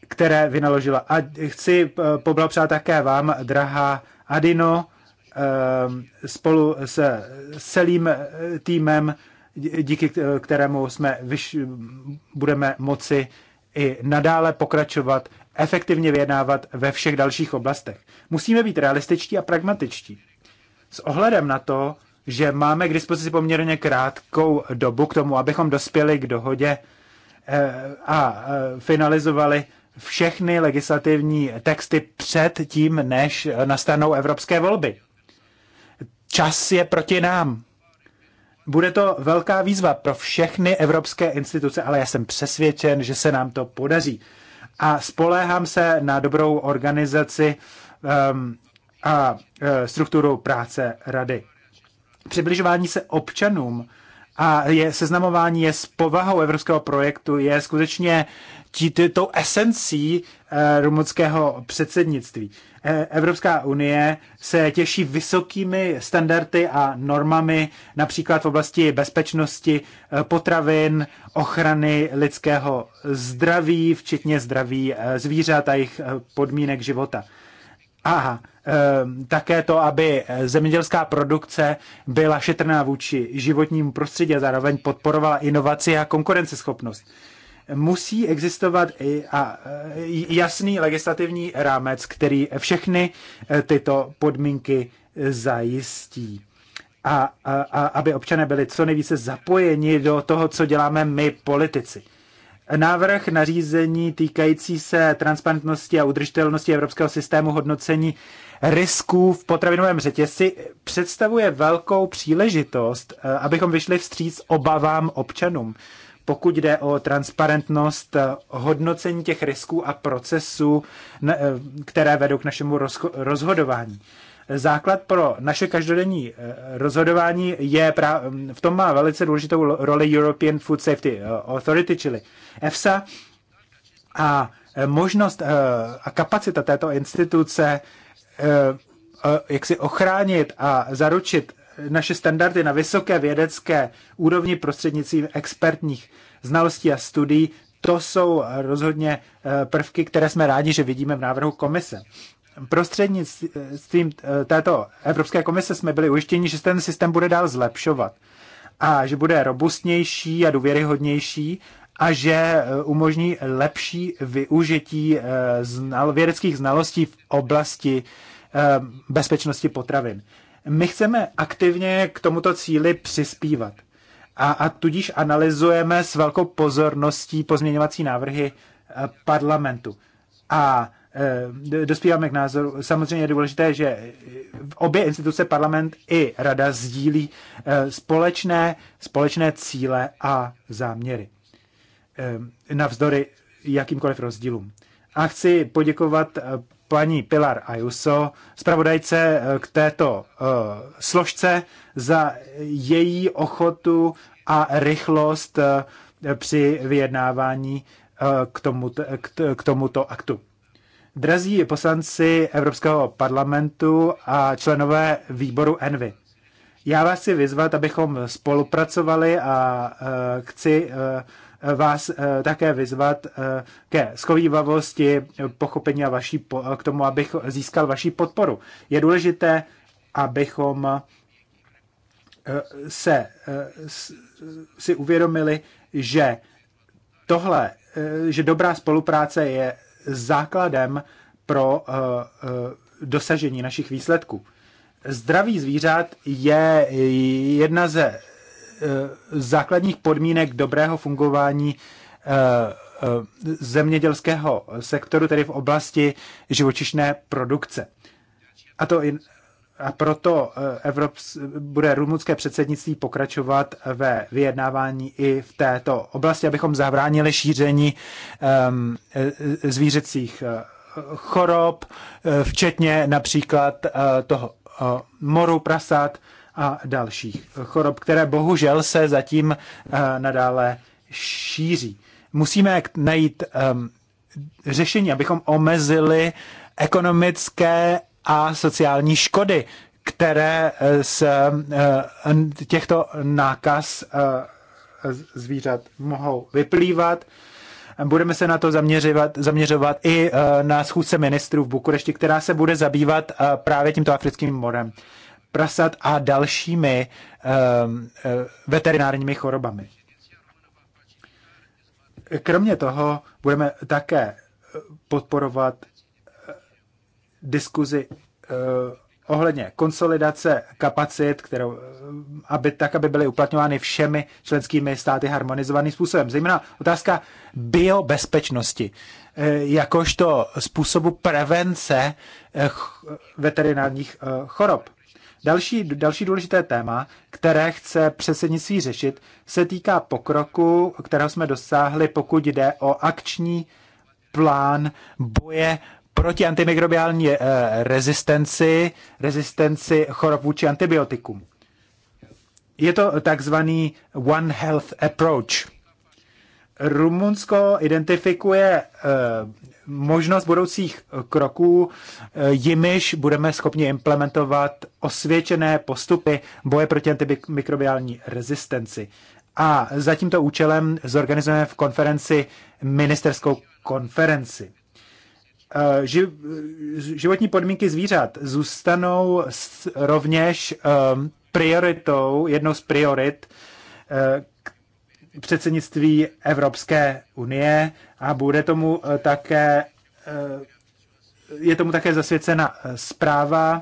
Speaker 3: které vynaložila. A chci e, poblapřát také vám, drahá Adino, e, spolu s celým týmem, díky kterému jsme, budeme moci i nadále pokračovat, efektivně vyjednávat ve všech dalších oblastech. Musíme být realističtí a pragmatičtí. S ohledem na to, že máme k dispozici poměrně krátkou dobu k tomu, abychom dospěli k dohodě eh, a eh, finalizovali všechny legislativní texty před tím, než nastanou evropské volby. Čas je proti nám. Bude to velká výzva pro všechny evropské instituce, ale já jsem přesvědčen, že se nám to podaří. A spoléhám se na dobrou organizaci um, a e, strukturu práce rady. Přibližování se občanům a je, seznamování je s povahou evropského projektu, je skutečně tou esencí eh, rumunského předsednictví. Eh, Evropská unie se těší vysokými standardy a normami, například v oblasti bezpečnosti eh, potravin, ochrany lidského zdraví, včetně zdraví eh, zvířat a jejich podmínek života. A také to, aby zemědělská produkce byla šetrná vůči životnímu prostředí a zároveň podporovala inovaci a konkurenceschopnost musí existovat i a jasný legislativní rámec, který všechny eh, tyto podmínky eh, zajistí. A, a, a aby občané byli co nejvíce zapojeni do toho, co děláme my, politici. Návrh nařízení týkající se transparentnosti a udržitelnosti evropského systému hodnocení risků v potravinovém řetězci představuje velkou příležitost, eh, abychom vyšli vstříc obavám občanům pokud jde o transparentnost eh, hodnocení těch risků a procesů, eh, které vedou k našemu rozhodování. Základ pro naše každodenní eh, rozhodování je právě, v tom má velice důležitou roli European Food Safety Authority, čili EFSA. A možnost a kapacita této instituce jak si ochránit a zaručit naše standardy na vysoké vědecké úrovni prostřednictvím expertních znalostí a studií, to jsou rozhodně eh, prvky, které jsme rádi, že vidíme v návrhu komise. Prostřednictvím eh, této Evropské komise jsme byli ujištěni, že ten systém bude dál zlepšovat a že bude robustnější a důvěryhodnější a že eh, umožní lepší využití vědeckých znalostí v oblasti bezpečnosti potravin. My chceme aktivně k tomuto cíli přispívat. A, a tudíž analyzujeme s velkou pozorností pozměňovací návrhy eh, parlamentu. A eh, dospíváme k názoru. Samozřejmě je důležité, že eh, obě instituce, parlament i rada, sdílí společné, společné cíle a záměry. Navzdory jakýmkoliv rozdílům. A chci poděkovat paní Pilar Ayuso, zpravodajce eh, k této eh, složce, za její ochotu a rychlost eh, při vyjednávání k, tomu, k tomuto aktu. Drazí poslanci Evropského parlamentu a členové výboru Envy. Já vás chci vyzvat, abychom spolupracovali a chci vás eh, také vyzvat eh, ke schovývavosti, pochopení a vaší, k tomu, abych získal vaši podporu. Je důležité, abychom eh, se si uvědomili, že tohle, že dobrá spolupráce je základem pro dosažení našich výsledků. Zdraví zvířat je jedna ze Eh, základních podmínek dobrého fungování eh, eh, zemědělského sektoru, tedy v oblasti živočišné produkce. A, to, a proto Evrops, bude rumunské předsednictví pokračovat ve vyjednávání i v této oblasti, abychom zabránili šíření um, zvířecích chorob, včetně například toho moru prasat, a dalších chorob, které bohužel se zatím eh, nadále šíří. Musíme najít ehm, řešení, abychom omezili ekonomické a sociální škody, které z eh, eh, těchto nákaz zvířat mohou vyplývat. Budeme se na to zaměřovat, zaměřovat i na schůzce ministrů v Bukurešti, která se bude zabývat právě tímto africkým morem prasat a dalšími ehm, eh, veterinárními chorobami. Kromě toho budeme také eh, podporovat eh, diskuzi ohledně konsolidace kapacit, kterou, aby, tak, aby byly uplatňovány všemi členskými státy harmonizovaným způsobem. Zejména otázka biobezpečnosti, jakožto způsobu prevence veterinárních chorob. Další, další důležité téma, které chce předsednictví řešit, se týká pokroku, kterého jsme dosáhli, pokud jde o akční plán boje proti antimikrobiální eh, rezistenci, rezistenci chorob vůči antibiotikům. Je to takzvaný One Health Approach. Rumunsko identifikuje eh, možnost budoucích kroků, eh, jimiž budeme schopni implementovat osvědčené postupy boje proti antimikrobiální rezistenci. A za tímto účelem zorganizujeme v konferenci ministerskou konferenci. Eh, životní podmínky zvířat zůstanou rovněž eh, prioritou, jednou z priorit předsednictví Evropské unie a bude tomu eh, také, eh, je tomu také zasvěcena eh, zpráva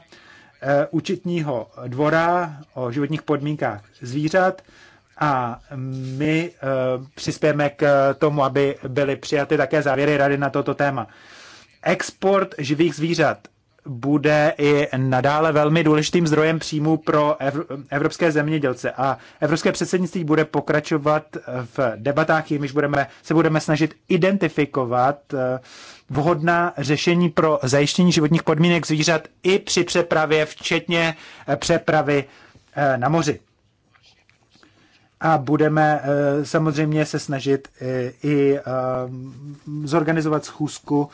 Speaker 3: účetního dvora o životních podmínkách zvířat a my přispějeme k tomu, aby byly přijaty také závěry rady na toto téma. Export živých zvířat bude i nadále velmi důležitým zdrojem příjmů pro evropské zemědělce. A evropské předsednictví bude pokračovat v debatách, jimiž budeme, se budeme snažit identifikovat eh, vhodná řešení pro zajištění životních podmínek zvířat i při přepravě, včetně eh, přepravy eh, na moři a budeme eh, samozřejmě se snažit eh, i eh, zorganizovat schůzku,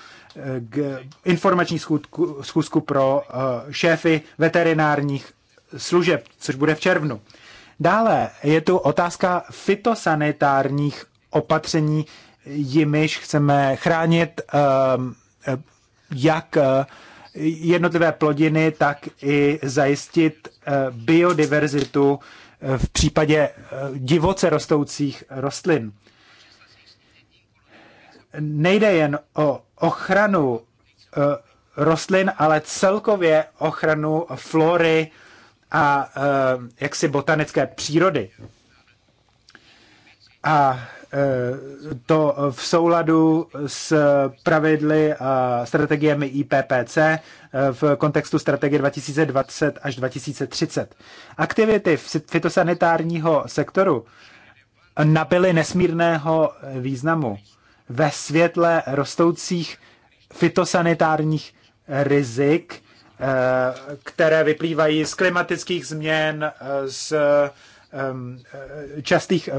Speaker 3: informační schůzku, schůzku pro šéfy veterinárních služeb, což bude v červnu. Dále je tu otázka fitosanitárních opatření, jimiž chceme chránit jak jednotlivé plodiny, tak i zajistit biodiverzitu v případě eh, divoce rostoucích rostlin. Nejde jen o ochranu eh, rostlin, ale celkově ochranu flory a eh, jaksi botanické přírody. A to v souladu s pravidly a strategiemi IPPC v kontextu strategie 2020 až 2030. Aktivity fitosanitárního sektoru nabyly nesmírného významu ve světle rostoucích fitosanitárních rizik, eh, které vyplývají z klimatických změn, eh, z eh, častých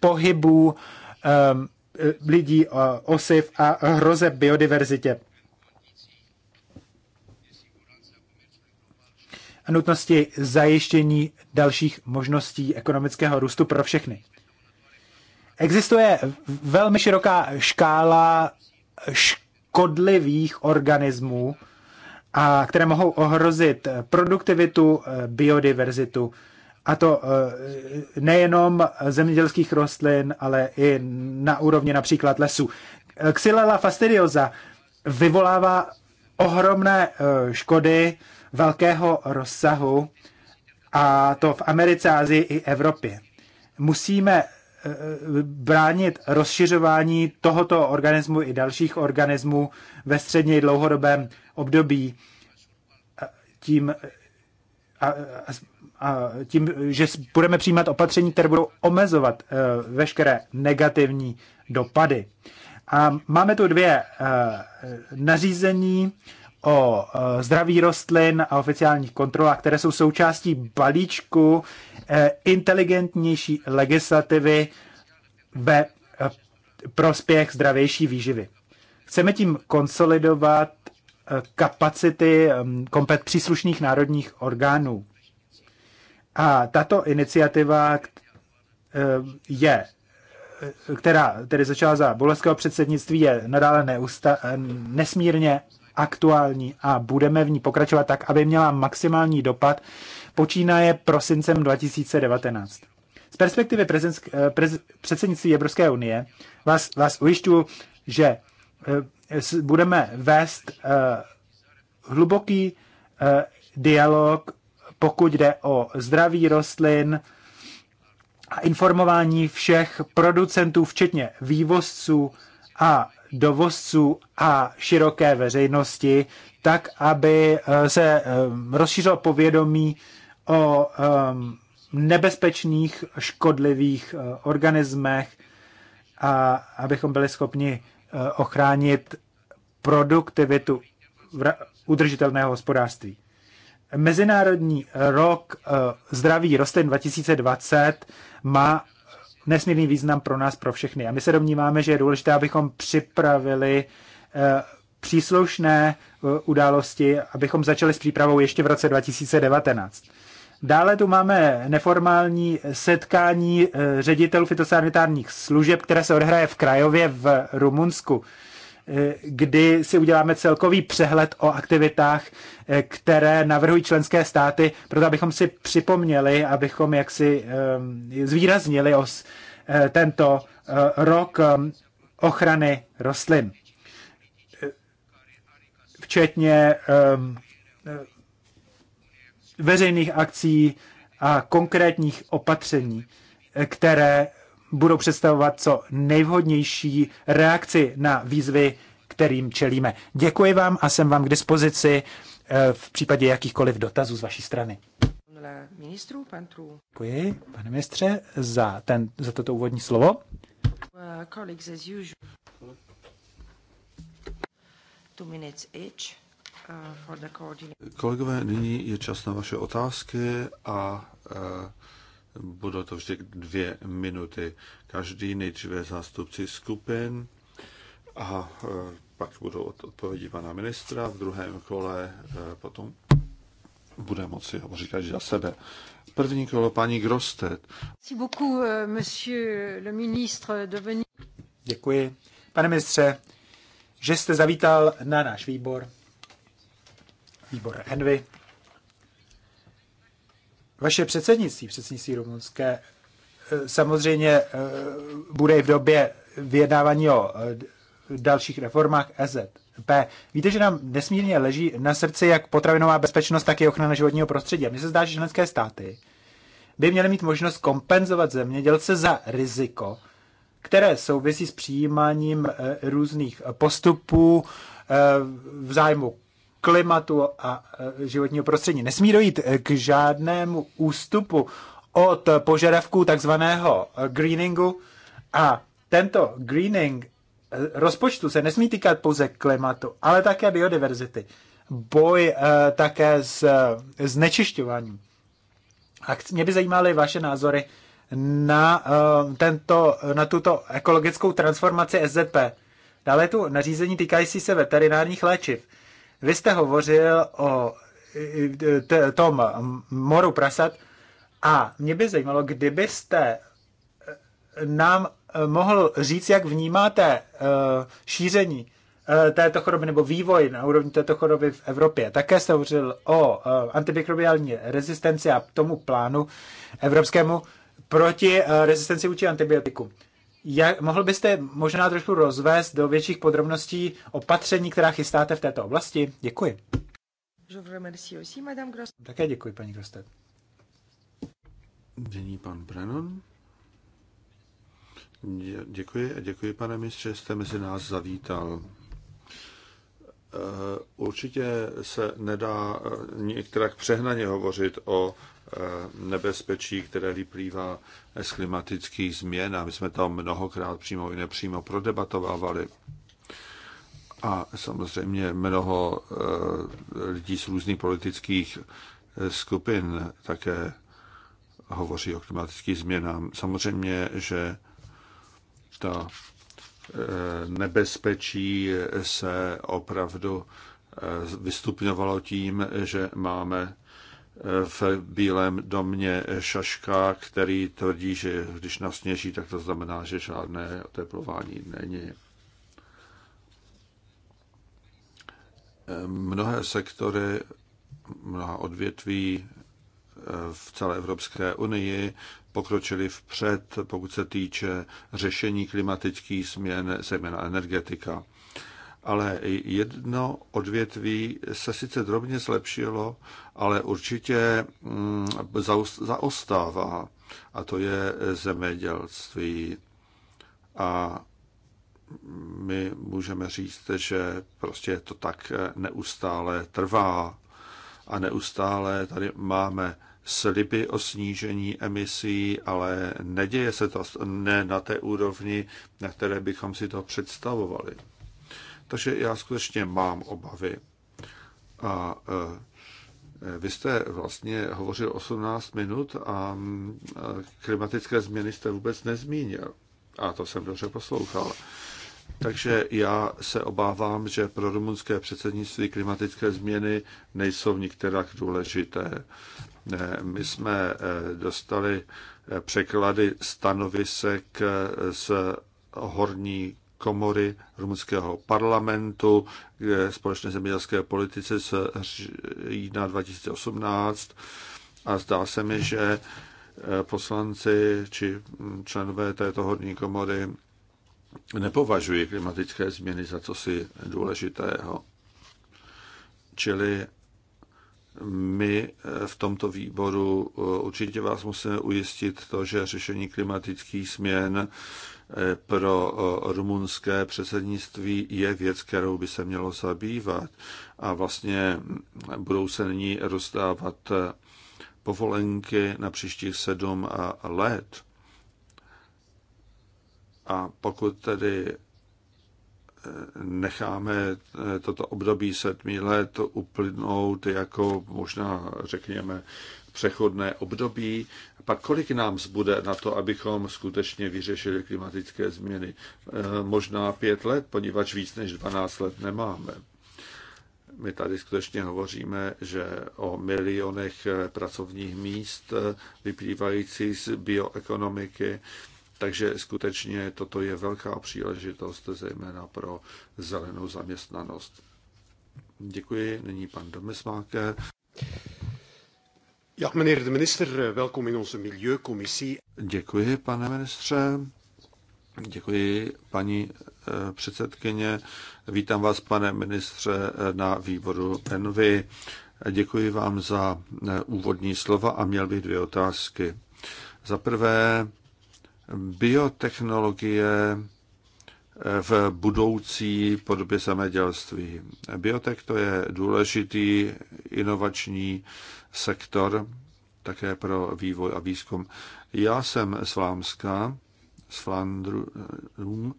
Speaker 3: pohybů ehm, lidí, osiv a hroze biodiverzitě. A nutnosti zajištění dalších možností ekonomického růstu pro všechny. Existuje velmi široká škála škodlivých organismů, a které mohou ohrozit produktivitu, eh, biodiverzitu a to eh, nejenom zemědělských rostlin, ale i na úrovni například lesů. Xylella fastidiosa vyvolává ohromné eh, škody velkého rozsahu, a to v Americe, Asii i Evropě. Musíme eh, bránit rozšiřování tohoto organismu i dalších organismů ve středně i dlouhodobém období tím a, a tím, že budeme přijímat opatření, které budou omezovat eh, veškeré negativní dopady. A máme tu dvě eh, nařízení o eh, zdraví rostlin a oficiálních kontrolách, které jsou součástí balíčku inteligentnější legislativy ve prospěch zdravější výživy. Chceme tím konsolidovat kapacity kompet příslušných národních orgánů. A tato iniciativa eh, je, eh, která tedy začala za bulharského předsednictví, je nadále neusta, eh, nesmírně aktuální a budeme v ní pokračovat tak, aby měla maximální dopad, počínaje prosincem 2019. Z perspektivy prezensk, prez, předsednictví Evropské unie vás, vás ujišťuji, že budeme vést hluboký dialog pokud jde o zdraví rostlin a informování všech producentů, včetně vývozců a dovozců a široké veřejnosti, tak, aby eh, se eh, rozšířilo povědomí o eh, nebezpečných, škodlivých organismech a abychom byli schopni ochránit produktivitu udržitelného hospodářství. Mezinárodní rok eh, zdraví rostlin 2020 má nesmírný význam pro nás, pro všechny. A my se domníváme, že je důležité, abychom připravili eh, příslušné eh, události, abychom začali s přípravou ještě v roce 2019. Dále tu máme neformální setkání ředitelů fitosanitárních služeb, které se odhraje v Krajově v Rumunsku. Eh, kdy si uděláme celkový přehled o aktivitách, eh, které navrhují členské státy, proto abychom si připomněli, abychom jaksi eh, zvýraznili os, tento rok ochrany rostlin. Včetně veřejných akcí a konkrétních opatření, které budou představovat co nejvhodnější reakci na výzvy, kterým čelíme. Děkuji vám a jsem vám k dispozici eh, v případě jakýchkoliv dotazů z vaší strany. Děkuji, pane ministře, za, ten, za toto úvodní slovo.
Speaker 1: Uh,
Speaker 2: Kolegové, nyní je čas na vaše otázky a eh, budou to vždy dvě minuty. Každý nejdříve zástupci skupin a e, pak budou odpovědi pana ministra. V druhém kole e, potom bude moci hovořit každý za sebe. První kolo paní Grostet. E, Děkuji.
Speaker 3: Pane ministře, že jste zavítal na náš výbor, výbor Envy, vaše předsednictví, předsednictví rumunské, eh, samozřejmě eh, bude i v době vyjednávání o eh, dalších reformách EZP. Víte, že nám nesmírně leží na srdci jak potravinová bezpečnost, tak i ochrana životního prostředí. A mně se zdá, že členské státy by měly mít možnost kompenzovat zemědělce za riziko, které souvisí s přijímáním různých postupů v zájmu klimatu a e, životního prostředí. Nesmí dojít e, k žádnému ústupu od požadavků takzvaného e, greeningu a tento greening rozpočtu se nesmí týkat pouze klimatu, ale také biodiverzity. Boj také s znečišťováním. A mě by zajímaly vaše názory na, tento, na tuto ekologickou transformaci SZP. Dále tu nařízení týkající se veterinárních léčiv. Vy jste hovořil o tom moru prasat a mě by zajímalo, kdybyste nám mohl říct, jak vnímáte eh, šíření eh, této choroby nebo vývoj na úrovni této choroby v Evropě. Také jste hovořil o eh, antimikrobiální rezistenci a tomu plánu evropskému proti rezistenci vůči antibiotiku. Jak, mohl byste možná trošku rozvést do větších podrobností opatření, která chystáte v této oblasti? Děkuji. Také děkuji, paní Grostet.
Speaker 2: Dění pan Brennan. Děkuji a děkuji, pane mistře, jste mezi nás zavítal. Eh, určitě se nedá eh, některak přehnaně hovořit o nebezpečí, které vyplývá z klimatických změn a my jsme to mnohokrát přímo i nepřímo prodebatovávali. A samozřejmě mnoho eh, lidí z různých politických eh, skupin také hovoří o klimatických změnách. Samozřejmě, že ta eh, nebezpečí se opravdu vystupňovalo tím, že máme v Bílém domě Šaška, který tvrdí, že když nasněží, tak to znamená, že žádné oteplování není. Mnohé sektory, mnoha odvětví v celé Evropské unii pokročili vpřed, pokud se týče řešení klimatických změn, zejména energetika ale jedno odvětví se sice drobně zlepšilo, ale určitě mm, zaostává, a to je zemědělství. A my můžeme říct, že prostě to tak neustále trvá a neustále tady máme sliby o snížení emisí, ale neděje se to ne na té úrovni, na které bychom si to představovali. Takže já skutečně mám obavy. A e, vy jste vlastně hovořil 18 minut a e, klimatické změny jste vůbec nezmínil. A to jsem dobře poslouchal. Takže já se obávám, že pro rumunské předsednictví klimatické změny nejsou nikterak důležité. E, my jsme dostali překlady stanovisek z horní komory rumunského parlamentu k společné zemědělské politice z října 2018 a zdá se mi, že eh, poslanci či hm, členové této horní komory nepovažují klimatické změny za co si důležitého. Čili my eh, v tomto výboru eh, určitě vás musíme ujistit to, že řešení klimatických změn pro rumunské předsednictví je věc, kterou by se mělo zabývat. A vlastně budou se nyní rozdávat e, povolenky na příštích sedm let. A pokud tedy e, necháme e, toto období sedmi let uplynout jako možná, řekněme, přechodné období. Pak kolik nám zbude na to, abychom skutečně vyřešili klimatické změny? Eh, možná pět let, poněvadž víc než 12 let nemáme. My tady skutečně hovoříme, že o milionech eh, pracovních míst eh, vyplývající z bioekonomiky, takže skutečně toto je velká příležitost, zejména pro zelenou zaměstnanost. Děkuji. Nyní pan Domesmáke. Ja, meneer de minister, eh, welkom in onze Děkuji, pane ministře. Děkuji, paní eh, předsedkyně. Vítám vás, pane ministře, eh, na výboru Envy. Děkuji vám za úvodní slova a měl bych dvě otázky. Za prvé, biotechnologie v budoucí podobě zemědělství. Biotech to je důležitý inovační sektor, také pro vývoj a výzkum. Já jsem z Vlámska, z Flandrum,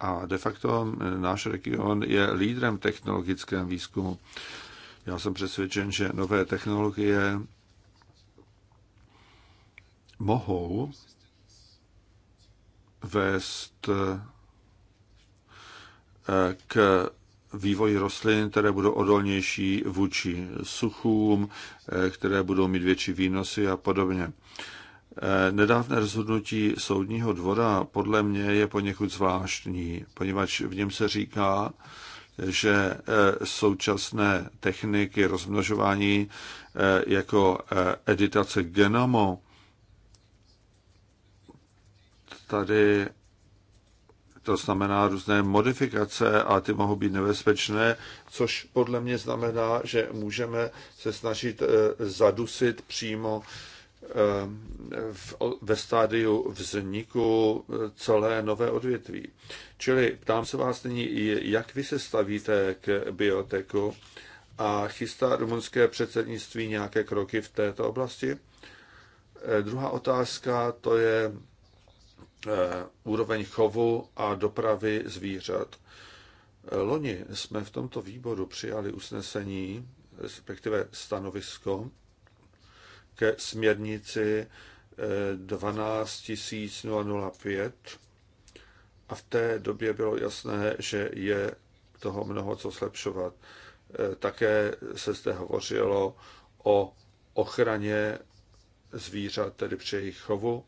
Speaker 2: a de facto náš region je lídrem technologickém výzkumu. Já jsem přesvědčen, že nové technologie mohou vést eh, k vývoj rostlin, které budou odolnější vůči suchům, eh, které budou mít větší výnosy a podobně. Eh, nedávné rozhodnutí soudního dvora podle mě je poněkud zvláštní, poněvadž v něm se říká, že eh, současné techniky rozmnožování jako editace genomu tady to znamená různé modifikace a ty mohou být nebezpečné, což podle mě znamená, že můžeme se snažit eh, zadusit přímo eh, ve stádiu vzniku eh, celé nové odvětví. Čili ptám se vás nyní, jak vy se stavíte k bioteku a chystá rumunské předsednictví nějaké kroky v této oblasti? Druhá otázka, to je Eh, úroveň chovu a dopravy zvířat. Eh, loni jsme v tomto výboru přijali usnesení, respektive stanovisko ke směrnici 12005 eh, a v té době bylo jasné, že je toho mnoho co zlepšovat. Také se zde hovořilo o ochraně zvířat, tedy při jejich chovu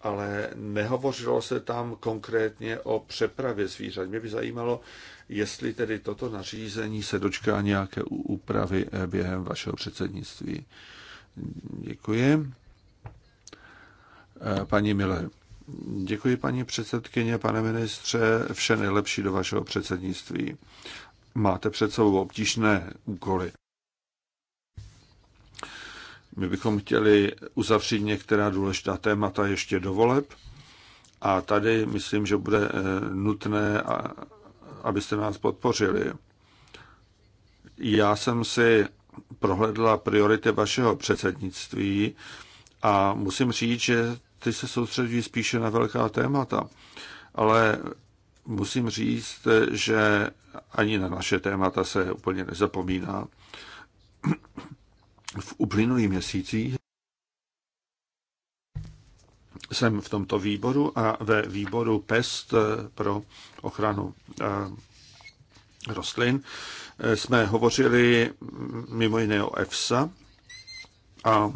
Speaker 2: ale nehovořilo se tam konkrétně o přepravě zvířat. Mě by zajímalo, jestli tedy toto nařízení se dočká nějaké úpravy eh, během vašeho předsednictví. Děkuji. Eh, paní Miller. Děkuji, paní předsedkyně, pane ministře, vše nejlepší do vašeho předsednictví. Máte před sebou obtížné úkoly. My bychom chtěli uzavřít některá důležitá témata ještě do voleb a tady myslím, že bude eh, nutné, abyste nás podpořili. Já jsem si prohledla priority vašeho předsednictví a musím říct, že ty se soustředují spíše na velká témata, ale musím říct, že ani na naše témata se úplně nezapomíná. V uplynulých měsících jsem v tomto výboru a ve výboru PEST eh, pro ochranu eh, rostlin eh, jsme hovořili mm, mimo jiné o EFSA a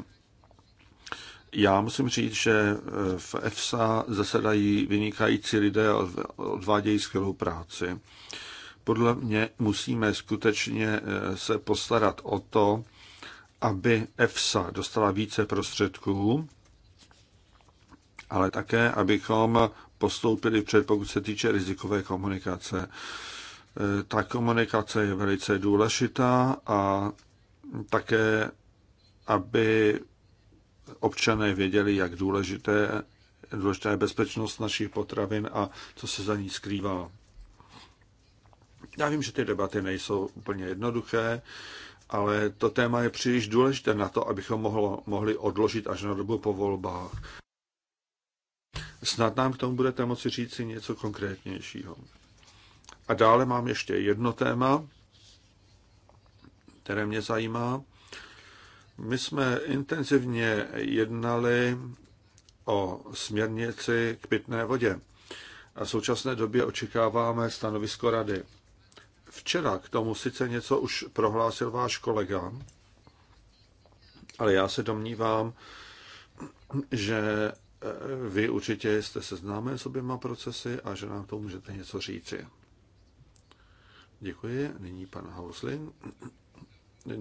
Speaker 2: já musím říct, že v EFSA zasedají vynikající lidé a odvádějí skvělou práci. Podle mě musíme skutečně se postarat o to, aby EFSA dostala více prostředků, ale také, abychom postoupili před, pokud se týče rizikové komunikace. E, ta komunikace je velice důležitá a také, aby občané věděli, jak důležité, důležitá je bezpečnost našich potravin a co se za ní skrývá. Já vím, že ty debaty nejsou úplně jednoduché, ale to téma je příliš důležité na to, abychom mohlo, mohli odložit až na dobu po volbách. Snad nám k tomu budete moci říct si něco konkrétnějšího. A dále mám ještě jedno téma, které mě zajímá. My jsme intenzivně jednali o směrnici k pitné vodě a v současné době očekáváme stanovisko rady. Včera k tomu sice něco už prohlásil váš kolega, ale já se domnívám, že eh, vy určitě jste seznámen s oběma procesy a že nám to můžete něco říci. Děkuji. Nyní pan Hausling.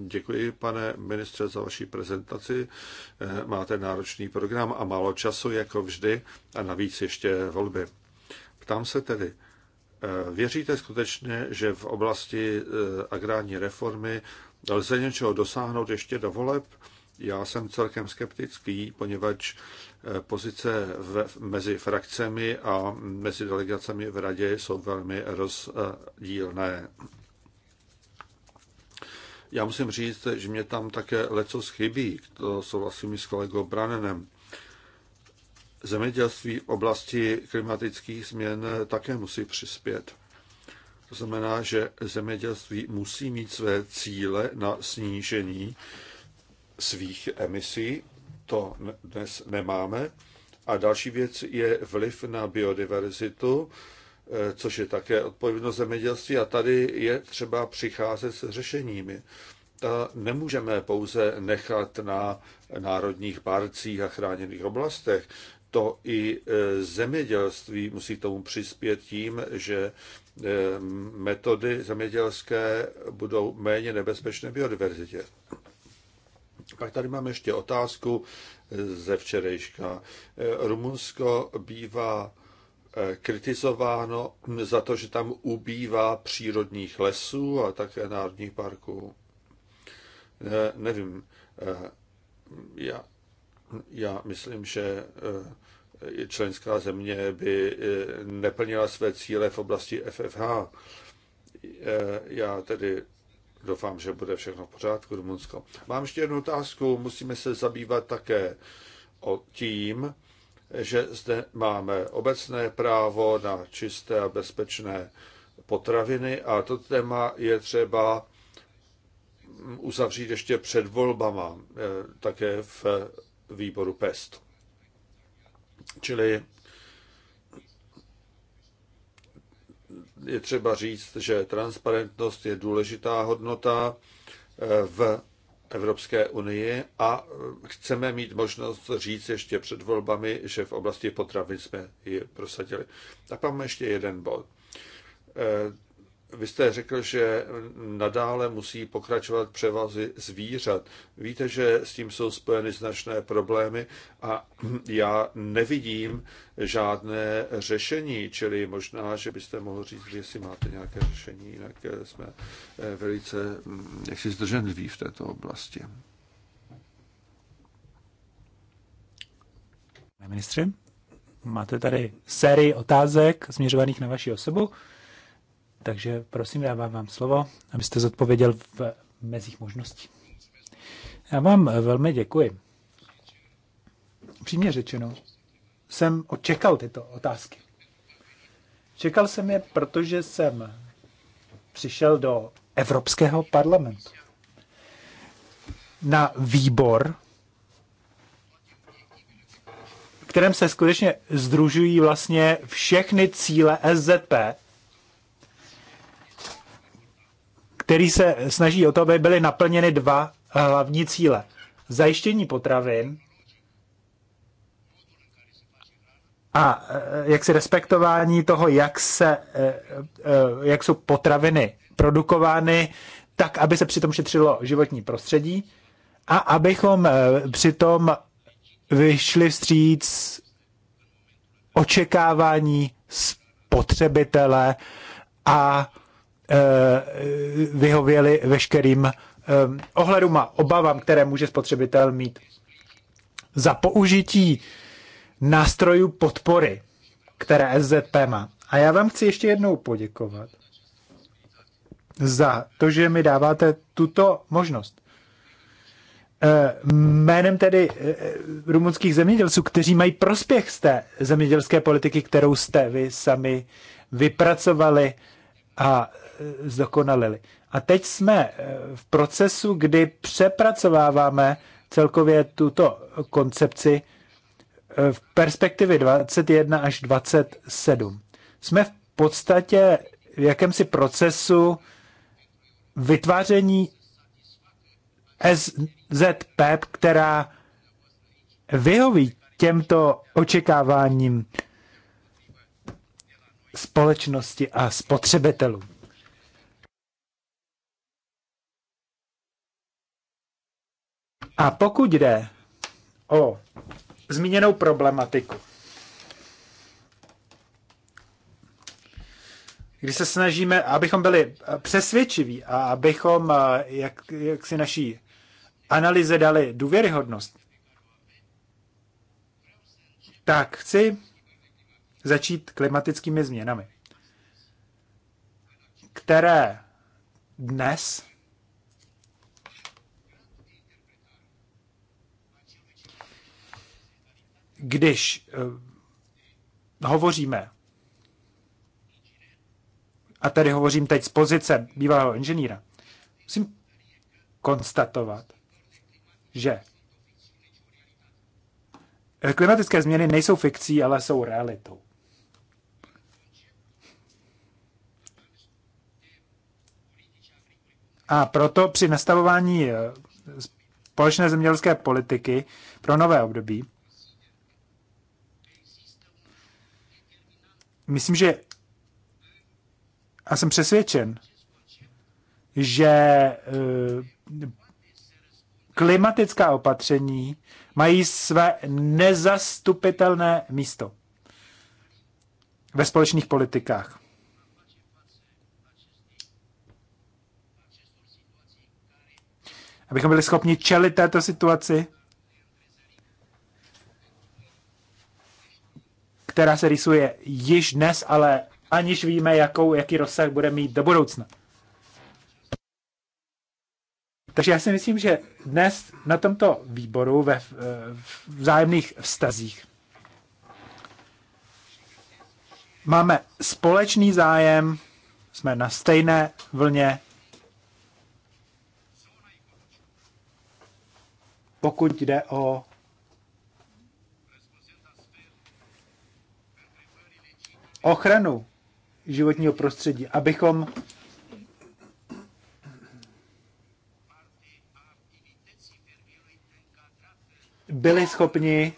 Speaker 2: Děkuji, pane ministře, za vaši prezentaci. Eh, máte náročný program a málo času, jako vždy, a navíc ještě volby. Ptám se tedy, Eh, věříte skutečně, že v oblasti eh, agrární reformy lze něčeho dosáhnout ještě do voleb? Já jsem celkem skeptický, poněvadž eh, pozice v, mezi frakcemi a mezi delegacemi v radě jsou velmi rozdílné. Já musím říct, že mě tam také leco chybí, to souhlasím s kolegou Branenem zemědělství v oblasti klimatických změn také musí přispět. To znamená, že zemědělství musí mít své cíle na snížení svých emisí. To dnes nemáme. A další věc je vliv na biodiverzitu, eh, což je také odpovědnost zemědělství. A tady je třeba přicházet s řešeními. Ta nemůžeme pouze nechat na národních parcích a chráněných oblastech to i e, zemědělství musí tomu přispět tím, že e, metody zemědělské budou méně nebezpečné biodiverzitě. Pak tady mám ještě otázku e, ze včerejška. Rumunsko bývá kritizováno za to, že tam ubývá přírodních lesů a také národních parků. Nevím, já já myslím, že eh, členská země by eh, neplnila své cíle v oblasti FFH. Eh, já tedy doufám, že bude všechno v pořádku, Rumunsko. Mám ještě jednu otázku. Musíme se zabývat také o tím, že zde máme obecné právo na čisté a bezpečné potraviny a to téma je třeba mm, uzavřít ještě před volbama, také v výboru PEST. Čili je třeba říct, že transparentnost je důležitá hodnota eh, v Evropské unii a eh, chceme mít možnost říct ještě před volbami, že v oblasti potravin jsme ji prosadili. A pak ještě jeden bod. Eh, vy jste řekl, že nadále musí pokračovat převazy zvířat. Víte, že s tím jsou spojeny značné problémy a já nevidím žádné řešení, čili možná, že byste mohl říct, že jestli máte nějaké řešení, jinak jsme eh, velice mm, jaksi zdrženliví v této oblasti. Pane ministře, máte
Speaker 3: tady sérii otázek směřovaných na vaši osobu. Takže prosím, dávám vám slovo, abyste zodpověděl v mezích možností. Já vám velmi děkuji. Přímě řečeno, jsem očekal tyto otázky. Čekal jsem je, protože jsem přišel do Evropského parlamentu na výbor, v kterém se skutečně združují vlastně všechny cíle SZP který se snaží o to, aby byly naplněny dva eh, hlavní cíle. Zajištění potravin a eh, jaksi respektování toho, jak, se, eh, jak jsou potraviny produkovány, tak, aby se přitom šetřilo životní prostředí a abychom přitom vyšli vstříc očekávání spotřebitele a Eh, vyhověli veškerým eh, ohledům a obavám, které může spotřebitel mít. Za použití nástrojů podpory, které SZP má. A já vám chci ještě jednou poděkovat za to, že mi dáváte tuto možnost. Eh, jménem tedy rumunských zemědělců, kteří mají prospěch z té zemědělské politiky, kterou jste vy sami vypracovali a Eh, zdokonalili. A teď jsme eh, v procesu, kdy přepracováváme celkově tuto koncepci eh, v perspektivě 21 až 27. Jsme v podstatě v jakémsi procesu vytváření SZP, která vyhoví těmto očekáváním společnosti a spotřebitelů. A pokud jde o zmíněnou problematiku, kdy se snažíme, abychom byli přesvědčiví a abychom eh, jak, jak si naší analýze dali důvěryhodnost, tak chci začít klimatickými změnami, které dnes když eh, hovoříme, a tady hovořím teď z pozice bývalého inženýra, musím konstatovat, že klimatické změny nejsou fikcí, ale jsou realitou. A proto při nastavování eh, společné zemědělské politiky pro nové období Myslím, že a jsem přesvědčen, že eh, klimatická opatření mají své nezastupitelné místo ve společných politikách. Abychom byli schopni čelit této situaci, která se rysuje již dnes, ale aniž víme, jakou, jaký rozsah bude mít do budoucna. Takže já si myslím, že dnes na tomto výboru ve vzájemných vztazích máme společný zájem, jsme na stejné vlně. Pokud jde o ochranu životního prostředí, abychom byli schopni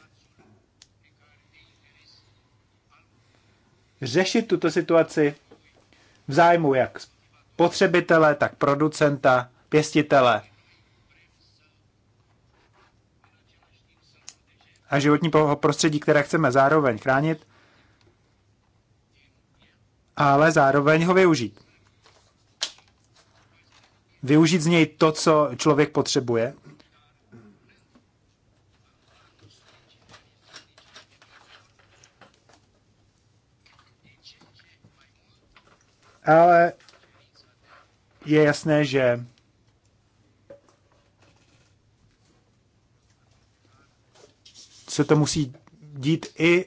Speaker 3: řešit tuto situaci v zájmu jak spotřebitele, tak producenta, pěstitele a životního prostředí, které chceme zároveň chránit, ale zároveň ho využít. Využít z něj to, co člověk potřebuje. Ale je jasné, že se to musí dít i eh,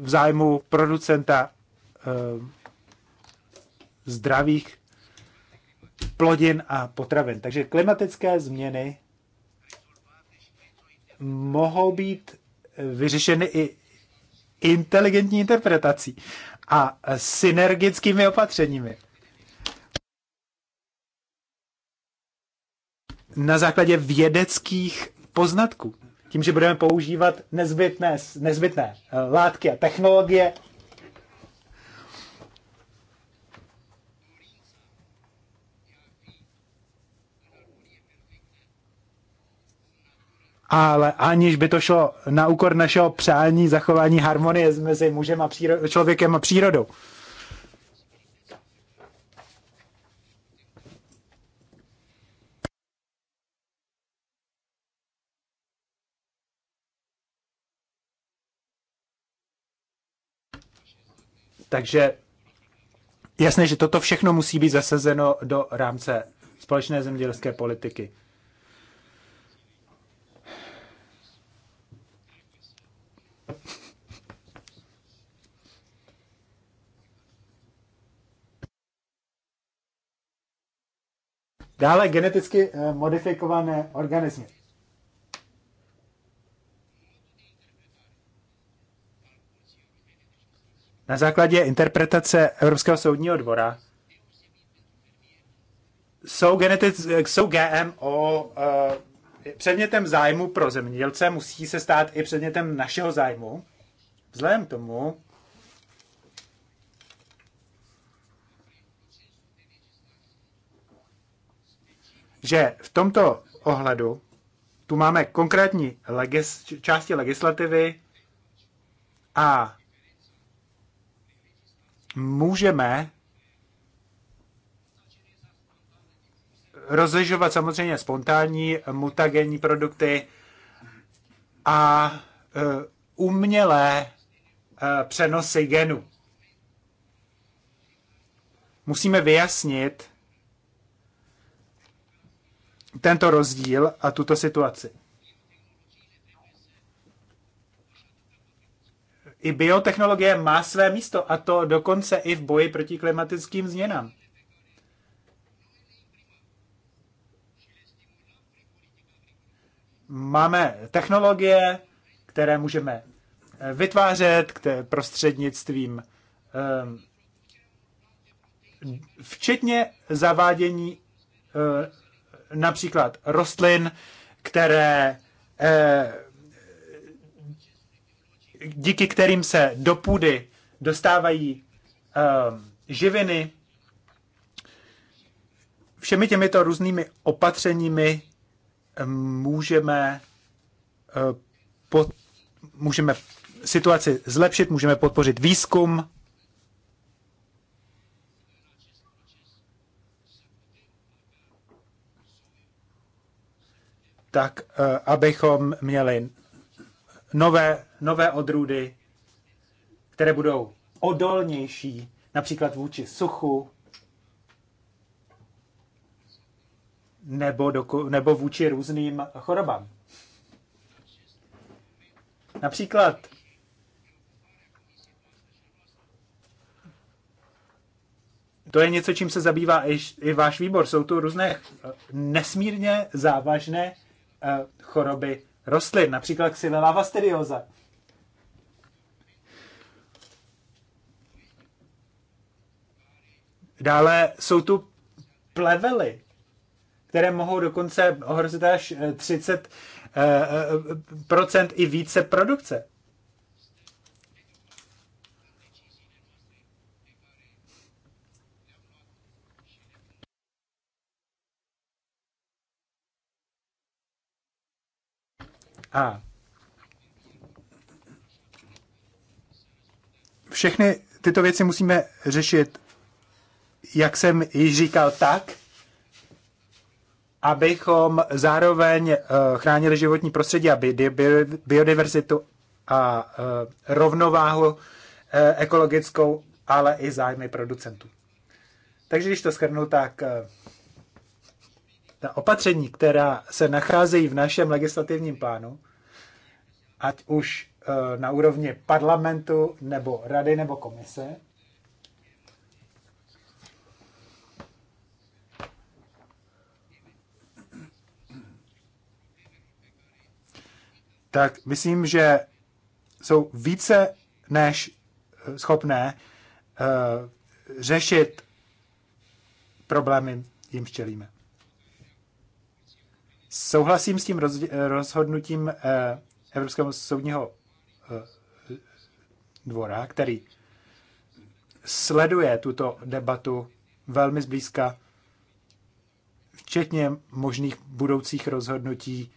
Speaker 3: v zájmu producenta eh, zdravých plodin a potravin. Takže klimatické změny mohou být vyřešeny i inteligentní interpretací a synergickými opatřeními. Na základě vědeckých poznatků. Tím, že budeme používat nezbytné, nezbytné látky a technologie, ale aniž by to šlo na úkor našeho přání zachování harmonie mezi mužem a příro- člověkem a přírodou. Takže jasné, že toto všechno musí být zasazeno do rámce společné zemědělské politiky. Dále geneticky eh, modifikované organismy. Na základě interpretace Evropského soudního dvora jsou, genetic, jsou GMO uh, eh, předmětem zájmu pro zemědělce, musí se stát i předmětem našeho zájmu. Vzhledem k tomu, že v tomto ohledu tu máme konkrétní legis, části legislativy a můžeme rozlišovat samozřejmě spontánní mutagenní produkty a e, umělé e, přenosy genů. Musíme vyjasnit, tento rozdíl a tuto situaci. I biotechnologie má své místo a to dokonce i v boji proti klimatickým změnám. Máme technologie, které můžeme eh, vytvářet které prostřednictvím eh, včetně zavádění eh, například rostlin, které eh, díky kterým se do půdy dostávají ehm, živiny. Všemi těmito různými opatřeními ehm, můžeme, eh, můžeme situaci zlepšit, můžeme podpořit výzkum, tak eh, abychom měli nové, nové odrůdy, které budou odolnější, například vůči suchu, nebo, doku, nebo vůči různým chorobám. Například to je něco, čím se zabývá i, i váš výbor. Jsou tu různé eh, nesmírně závažné Eh, choroby rostlin, například ksilela vasterioza. Dále jsou tu plevely, které mohou dokonce ohrozit až 30 eh, eh, i více produkce. A všechny tyto věci musíme řešit, jak jsem již říkal, tak, abychom zároveň eh, chránili životní prostředí a biodiverzitu a eh, rovnováhu eh, ekologickou, ale i zájmy producentů. Takže když to shrnu, tak ta opatření, která se nacházejí v našem legislativním plánu, ať už eh, na úrovni parlamentu nebo rady nebo komise, tak myslím, že jsou více než eh, schopné uh, řešit problémy, jim čelíme. Souhlasím s tím eh, rozhodnutím eh, Evropského soudního eh, dvora, který sleduje tuto debatu velmi zblízka, včetně možných budoucích rozhodnutí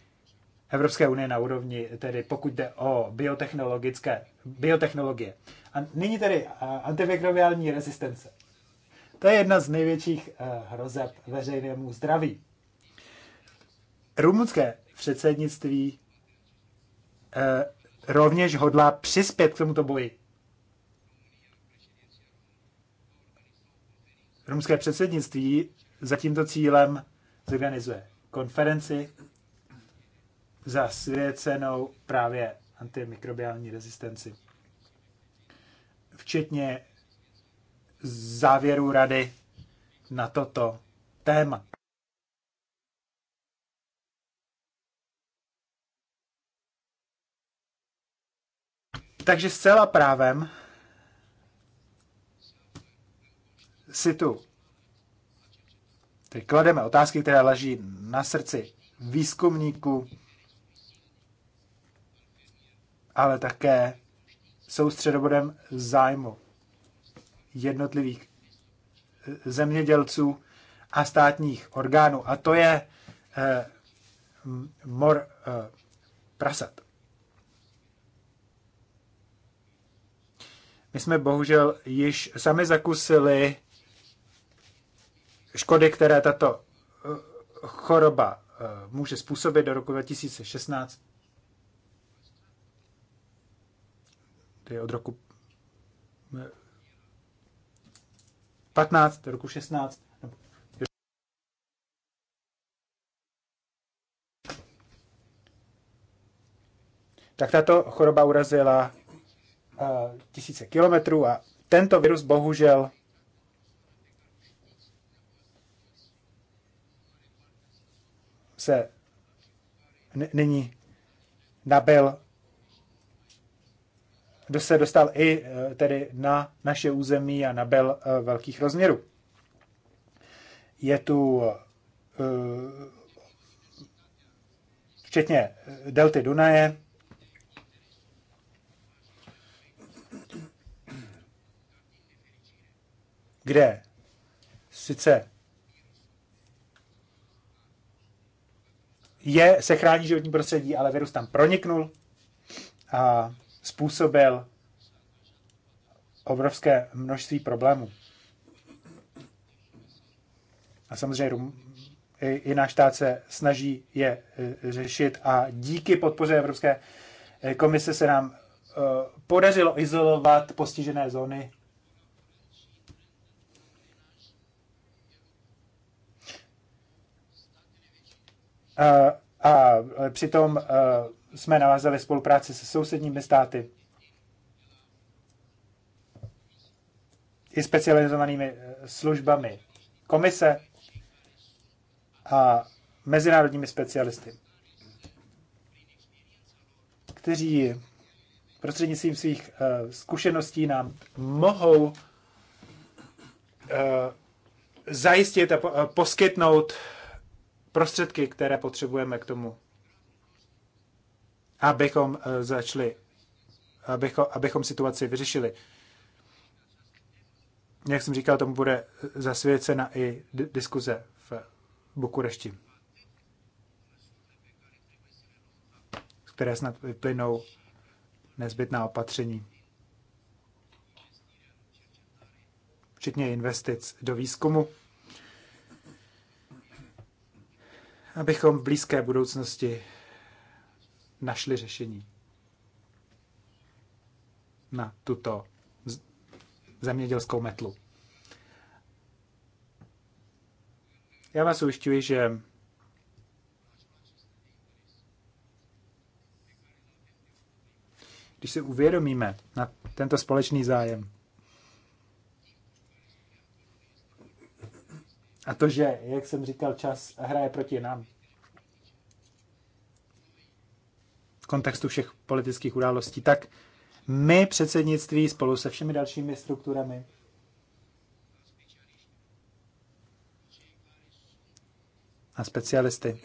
Speaker 3: Evropské unie na úrovni, tedy pokud jde o biotechnologické, biotechnologie. A nyní tedy antimikrobiální rezistence. To je jedna z největších hrozeb veřejnému zdraví. Rumunské předsednictví eh, rovněž hodlá přispět k tomuto boji. Rumunské předsednictví za tímto cílem zorganizuje konferenci za svěcenou právě antimikrobiální rezistenci. Včetně závěru rady na toto téma. Takže zcela právem si tu teď klademe otázky, které leží na srdci výzkumníků, ale také jsou středobodem zájmu jednotlivých eh, zemědělců a státních orgánů. A to je eh, mor eh, prasat. My jsme bohužel již sami zakusili škody, které tato eh, choroba eh, může způsobit do roku 2016. To je od roku 15 eh, do roku 16. Tak tato choroba urazila Eh, tisíce kilometrů a tento virus bohužel se nyní nabil, se dostal i eh, tedy na naše území a nabil eh, velkých rozměrů. Je tu včetně delty Dunaje, kde sice je, se chrání životní prostředí, ale virus tam proniknul a způsobil obrovské množství problémů. A samozřejmě i, i náš stát se snaží je e, řešit a díky podpoře Evropské e, komise se nám e, podařilo izolovat postižené zóny Eh, a eh, přitom eh, jsme navázali spolupráci se sousedními státy i specializovanými službami komise a mezinárodními specialisty, kteří prostřednictvím svých zkušeností nám mohou zajistit a poskytnout prostředky, které potřebujeme k tomu, abychom eh, začali, abychom, abychom situaci vyřešili. Jak jsem říkal, tomu bude zasvěcena i diskuze v Bukurešti, z které snad vyplynou nezbytná opatření. včetně investic do výzkumu. abychom v blízké budoucnosti našli řešení na tuto zemědělskou metlu. Já vás ujišťuji, že když si uvědomíme na tento společný zájem, A to, že, jak jsem říkal, čas hraje proti nám. V kontextu všech politických událostí. Tak my, předsednictví, spolu se všemi dalšími strukturami, a specialisty.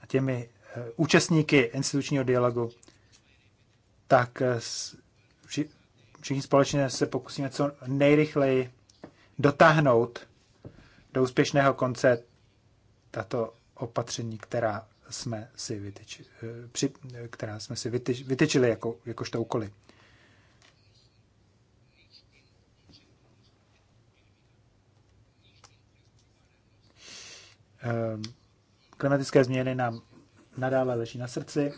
Speaker 3: A těmi eh, účastníky institučního dialogu tak eh, všichni společně se pokusíme co nejrychleji dotáhnout do úspěšného konce tato opatření, která jsme si, vytyči, eh, eh, která jsme si vytyč, vytyčili jako, jakožto úkoly. Ehm, klimatické změny nám nadále leží na srdci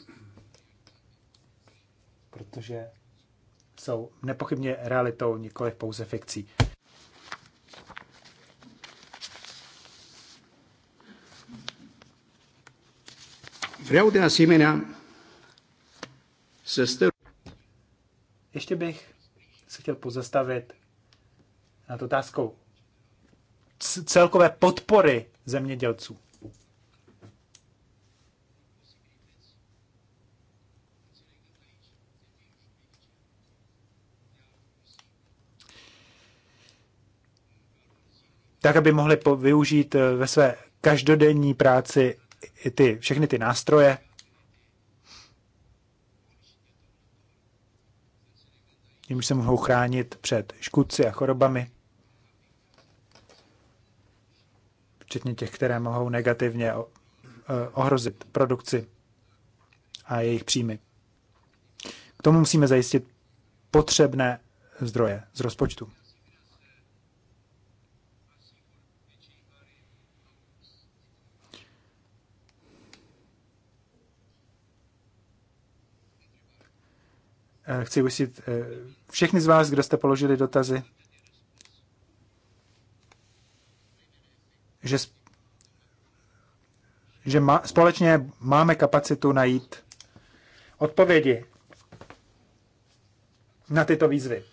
Speaker 3: protože jsou nepochybně realitou, nikoli pouze fikcí. Vreau de asemenea se stă... Ještě bych se chtěl pozastavit nad otázkou celkové podpory zemědělců. tak aby mohli po, využít eh, ve své každodenní práci ty, všechny ty nástroje. Jimž se mohou chránit před škůdci a chorobami, včetně těch, které mohou negativně eh, ohrozit produkci a jejich příjmy. K tomu musíme zajistit potřebné zdroje z rozpočtu. Eh, chci ujistit eh, všechny z vás, kdo jste položili dotazy, že, že má, společně máme kapacitu najít odpovědi na tyto výzvy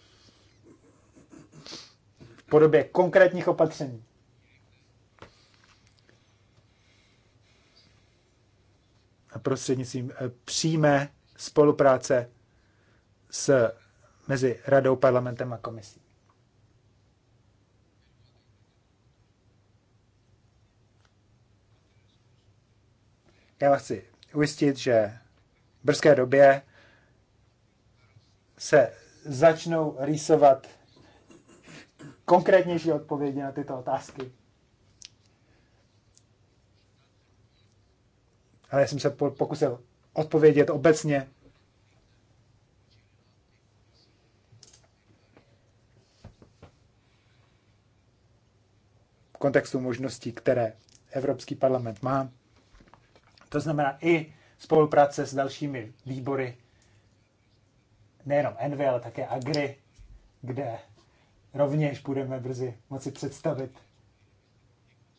Speaker 3: v podobě konkrétních opatření. A prostřednictvím eh, přímé spolupráce s, mezi radou, parlamentem a komisí. Já vás chci ujistit, že v brzké době se začnou rýsovat konkrétnější odpovědi na tyto otázky. Ale já jsem se pokusil odpovědět obecně kontextu možností, které Evropský parlament má. To znamená i spolupráce s dalšími výbory, nejenom Envy, ale také Agri, kde rovněž budeme brzy moci představit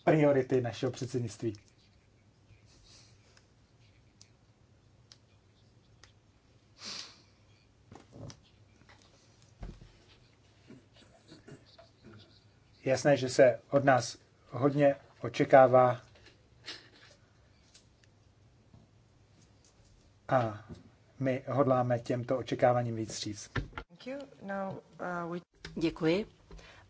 Speaker 3: priority našeho předsednictví. jasné, že se od nás hodně očekává a my hodláme těmto očekáváním víc říct.
Speaker 4: Uh, Děkuji.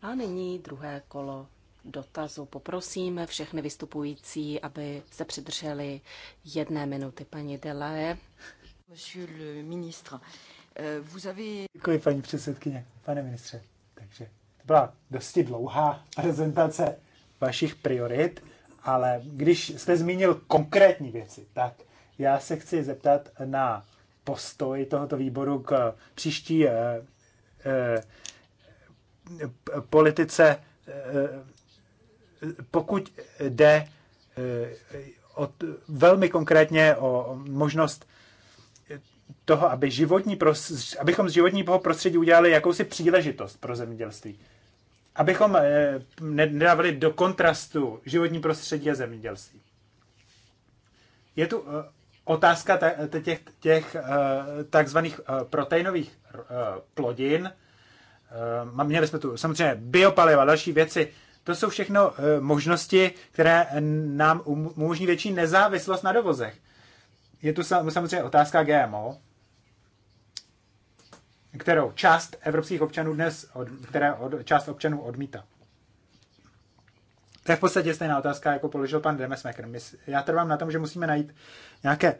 Speaker 4: A nyní druhé kolo dotazu. Poprosím všechny vystupující, aby se přidrželi jedné minuty. Paní Delaje. Monsieur
Speaker 1: le ministre, euh, vous avez...
Speaker 4: Děkuji,
Speaker 3: paní předsedkyně, pane ministře. Takže byla dosti dlouhá prezentace vašich priorit, ale když jste zmínil konkrétní věci, tak já se chci zeptat na postoj tohoto výboru k příští eh, eh, politice, eh, pokud jde eh, od, velmi konkrétně o možnost toho, aby životní pros, abychom z životního prostředí udělali jakousi příležitost pro zemědělství abychom eh, nedávali do kontrastu životní prostředí a zemědělství. Je tu eh, otázka těch, těch eh, takzvaných proteinových plodin. Měli jsme tu samozřejmě biopaliva, další věci. To jsou všechno možnosti, které nám um-, umožní větší nezávislost na dovozech. Je tu samozřejmě otázka GMO kterou část evropských občanů dnes, od, které od, část občanů odmítá. To je v podstatě stejná otázka, jako položil pan Demesmaker. Já trvám na tom, že musíme najít nějaké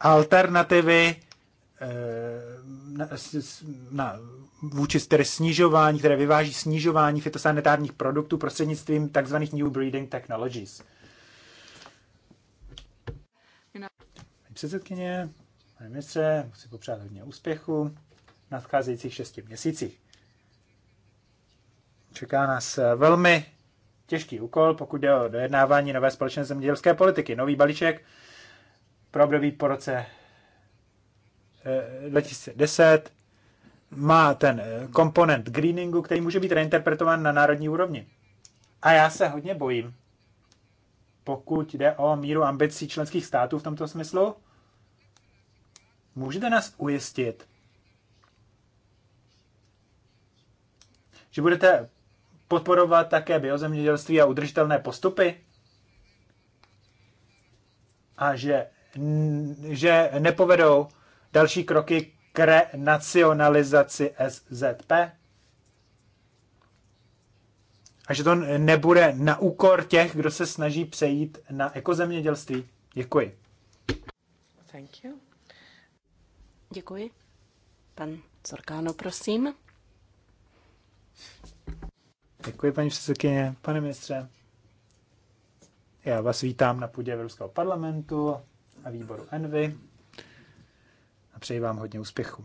Speaker 3: alternativy eh, na, na, vůči tedy snižování, které vyváží snižování fitosanitárních produktů prostřednictvím tzv. new breeding technologies. Předsedkyně, pane ministře, musím popřát hodně úspěchu nadcházejících šesti měsících. Čeká nás eh, velmi těžký úkol, pokud jde o dojednávání nové společné zemědělské politiky. Nový balíček pro období po roce 2010 eh, má ten eh, komponent greeningu, který může být reinterpretován na národní úrovni. A já se hodně bojím, pokud jde o míru ambicí členských států v tomto smyslu. Můžete nás ujistit, Že budete podporovat také biozemědělství a udržitelné postupy? A že, že nepovedou další kroky k renacionalizaci SZP? A že to nebude na úkor těch, kdo se snaží přejít na ekozemědělství? Děkuji.
Speaker 4: Thank you. Děkuji. Pan Zorkáno, prosím.
Speaker 3: Děkuji, paní předsedkyně.
Speaker 4: Pane ministře,
Speaker 3: já vás vítám na půdě Evropského parlamentu a výboru Envy a přeji vám hodně úspěchů.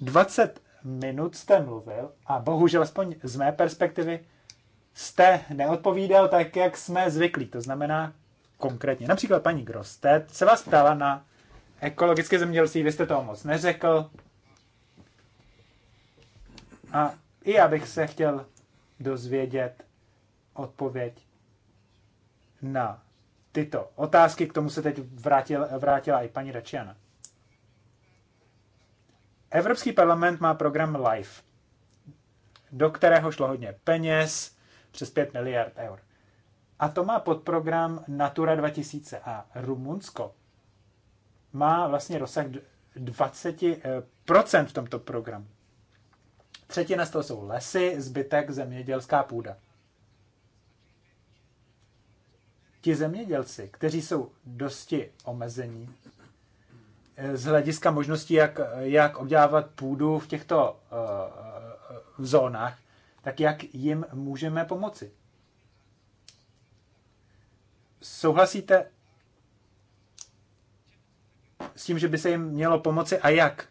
Speaker 3: 20 minut jste mluvil a bohužel aspoň z mé perspektivy jste neodpovídal tak, jak jsme zvyklí. To znamená konkrétně. Například paní Grostet se vás ptala na ekologické zemědělství, vy jste toho moc neřekl. A i já bych se chtěl dozvědět odpověď na tyto otázky. K tomu se teď vrátil, vrátila i paní Račiana. Evropský parlament má program LIFE, do kterého šlo hodně peněz, přes 5 miliard eur. A to má podprogram Natura 2000 a Rumunsko má vlastně rozsah 20% v tomto programu. Třetina z toho jsou lesy, zbytek zemědělská půda. Ti zemědělci, kteří jsou dosti omezení eh, z hlediska možností, jak, jak obdělávat půdu v těchto uh, zónách, tak jak jim můžeme pomoci? Souhlasíte s tím, že by se jim mělo pomoci a jak?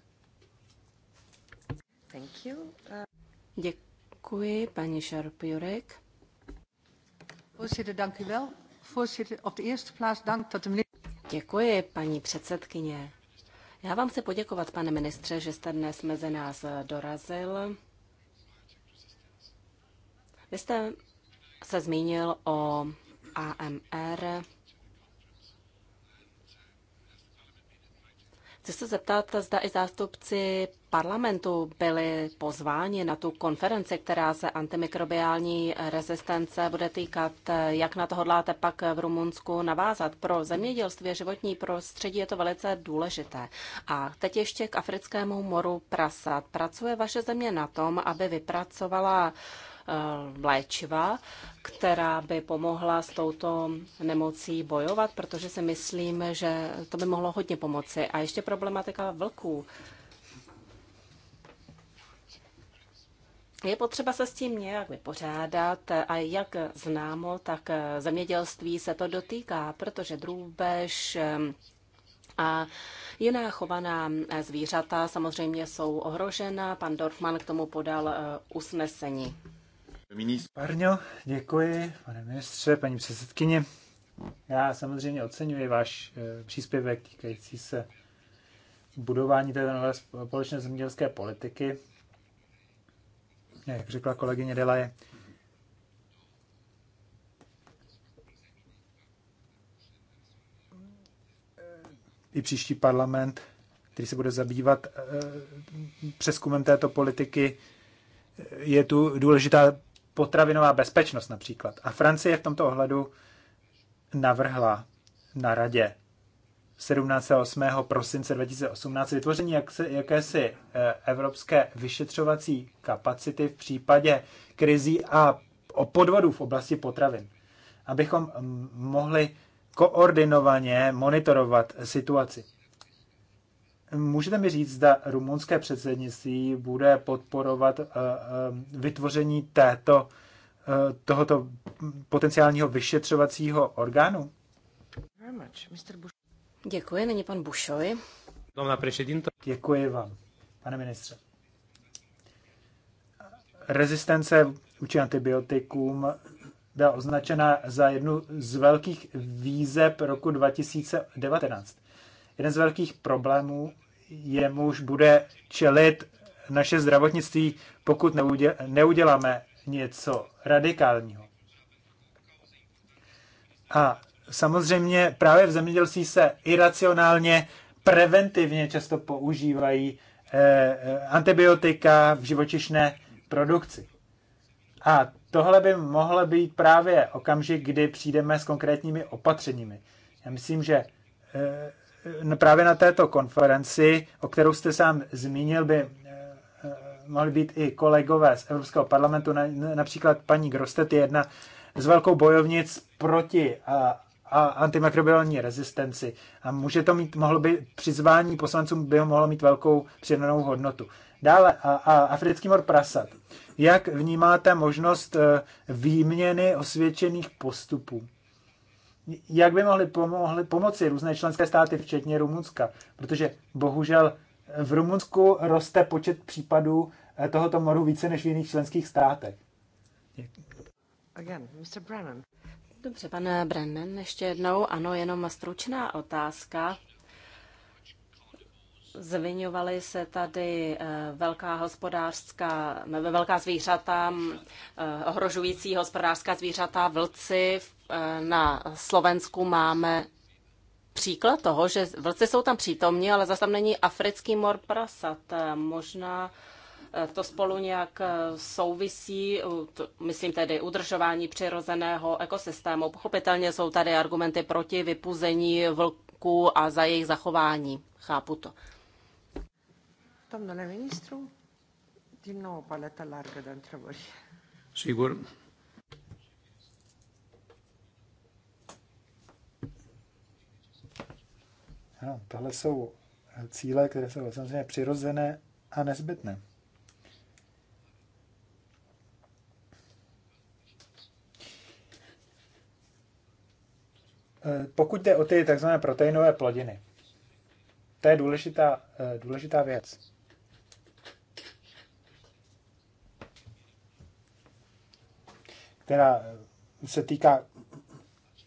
Speaker 4: Thank you. Děkuji, paní Šarp Jurek. Voorzitter, dank u wel. Voorzitter, op Děkuji, paní předsedkyně. Já vám chci poděkovat, pane ministře, že jste dnes mezi nás dorazil. Vy jste se zmínil o AMR, Chci se zeptat, zda i zástupci parlamentu byli pozváni na tu konferenci, která se antimikrobiální rezistence bude týkat. Jak na to hodláte pak v Rumunsku navázat? Pro zemědělství a životní prostředí je to velice důležité. A teď ještě k africkému moru prasat. Pracuje vaše země na tom, aby vypracovala Eh, léčiva, která by pomohla s touto nemocí bojovat, protože si myslím, že to by mohlo hodně pomoci. A ještě problematika vlků. Je potřeba se s tím nějak vypořádat a jak známo, tak zemědělství se to dotýká, protože drůbež eh, a jiná chovaná eh, zvířata samozřejmě jsou ohrožena. Pan Dorfman k tomu podal usnesení.
Speaker 3: Parňo, děkuji, pane ministře, paní předsedkyně. Já samozřejmě oceňuji váš eh, příspěvek týkající se budování té nové společné zemědělské politiky. Jak řekla kolegyně Delaje, eh, i příští parlament, který se bude zabývat eh, přeskumem této politiky, je tu důležitá potravinová bezpečnost například. A Francie v tomto ohledu navrhla na radě 17.8. prosince 2018 vytvoření jakse, jakési eh, evropské vyšetřovací kapacity v případě krizí a podvodů v oblasti potravin, abychom mm, mohli koordinovaně monitorovat situaci. Můžete mi říct, zda rumunské předsednictví bude podporovat eh, eh, vytvoření této, eh, tohoto potenciálního vyšetřovacího orgánu?
Speaker 4: Děkuji, není pan Bušoj.
Speaker 3: Děkuji vám, pane ministře. Rezistence vůči antibiotikům byla označena za jednu z velkých výzeb roku 2019. Jeden z velkých problémů jemuž bude čelit naše zdravotnictví, pokud neuděláme něco radikálního. A samozřejmě právě v zemědělství se iracionálně, preventivně často používají eh, eh, antibiotika v živočišné produkci. A tohle by mohlo být právě okamžik, kdy přijdeme s konkrétními opatřeními. Já myslím, že eh, No, právě na této konferenci, o kterou jste sám zmínil, by eh, eh, mohli být i kolegové z Evropského parlamentu, například paní Grostet je jedna z velkou bojovnic proti a, a antimikrobiální rezistenci. A může to mít, mohlo by, přizvání poslancům by mohlo mít velkou přidanou hodnotu. Dále, a, a africký mor prasat. Jak vnímáte možnost eh, výměny osvědčených postupů? jak by mohly pomohli, pomoci různé členské státy, včetně Rumunska. Protože bohužel v Rumunsku roste počet případů eh, tohoto moru více než v jiných členských státech.
Speaker 4: Again, Mr. Brennan. Dobře, pane Brennan, ještě jednou. Ano, jenom stručná otázka. Zmiňovaly se tady eh, velká hospodářská, velká zvířata, eh, ohrožující hospodářská zvířata, vlci. Eh, na Slovensku máme příklad toho, že vlci jsou tam přítomní, ale zase tam není africký mor prasat. Možná to spolu nějak souvisí, myslím tedy udržování přirozeného ekosystému. Pochopitelně jsou tady argumenty proti vypuzení vlků a za jejich zachování. Chápu to.
Speaker 1: Domnule ministru, din nou o paletă largă de întrebări.
Speaker 3: Sigur. No, tohle jsou cíle, které jsou samozřejmě přirozené a nezbytné. Eh, pokud jde o ty tzv. proteinové plodiny, to je důležitá, eh, důležitá věc. která se týká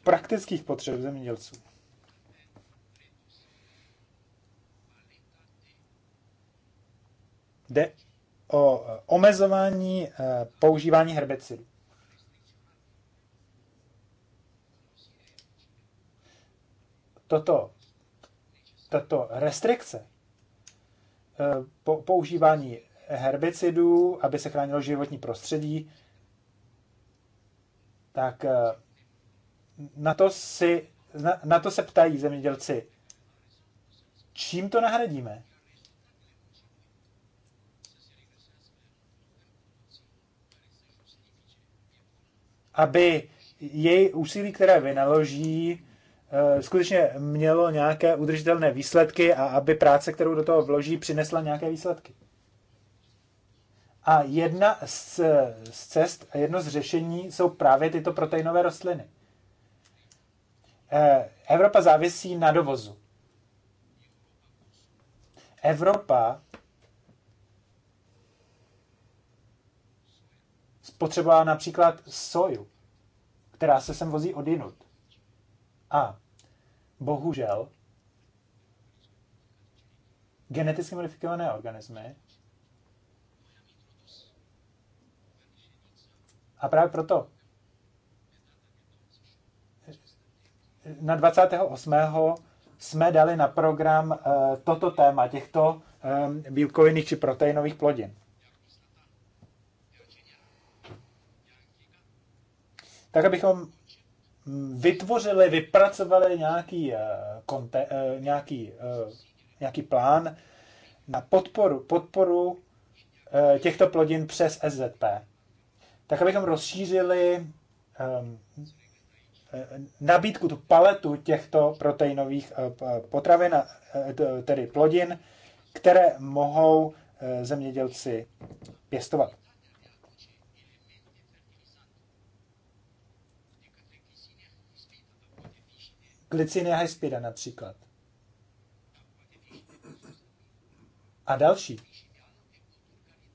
Speaker 3: praktických potřeb zemědělců. Jde o eh, omezování eh, používání herbicidů. Toto, tato restrikce eh, používání herbicidů, aby se chránilo životní prostředí, tak eh, na to, si, na, na to se ptají zemědělci. Čím to nahradíme? Aby její úsilí, které vynaloží, eh, skutečně mělo nějaké udržitelné výsledky a aby práce, kterou do toho vloží, přinesla nějaké výsledky. A jedna z, z cest a jedno z řešení jsou právě tyto proteinové rostliny. Eh, Evropa závisí na dovozu. Evropa spotřebovala například soju, která se sem vozí od jinut. A bohužel geneticky modifikované organismy A právě proto na 28. jsme dali na program eh, toto téma těchto eh, bílkovinných či proteinových plodin. Tak, abychom mm, vytvořili, vypracovali nějaký, eh, konte, nějaký, nějaký plán na podporu, podporu těchto plodin přes SZP tak abychom rozšířili um, nabídku, tu paletu těchto proteinových e, e, potravin, tedy plodin, které mohou zemědělci pěstovat. Glycinia hespida například. A další.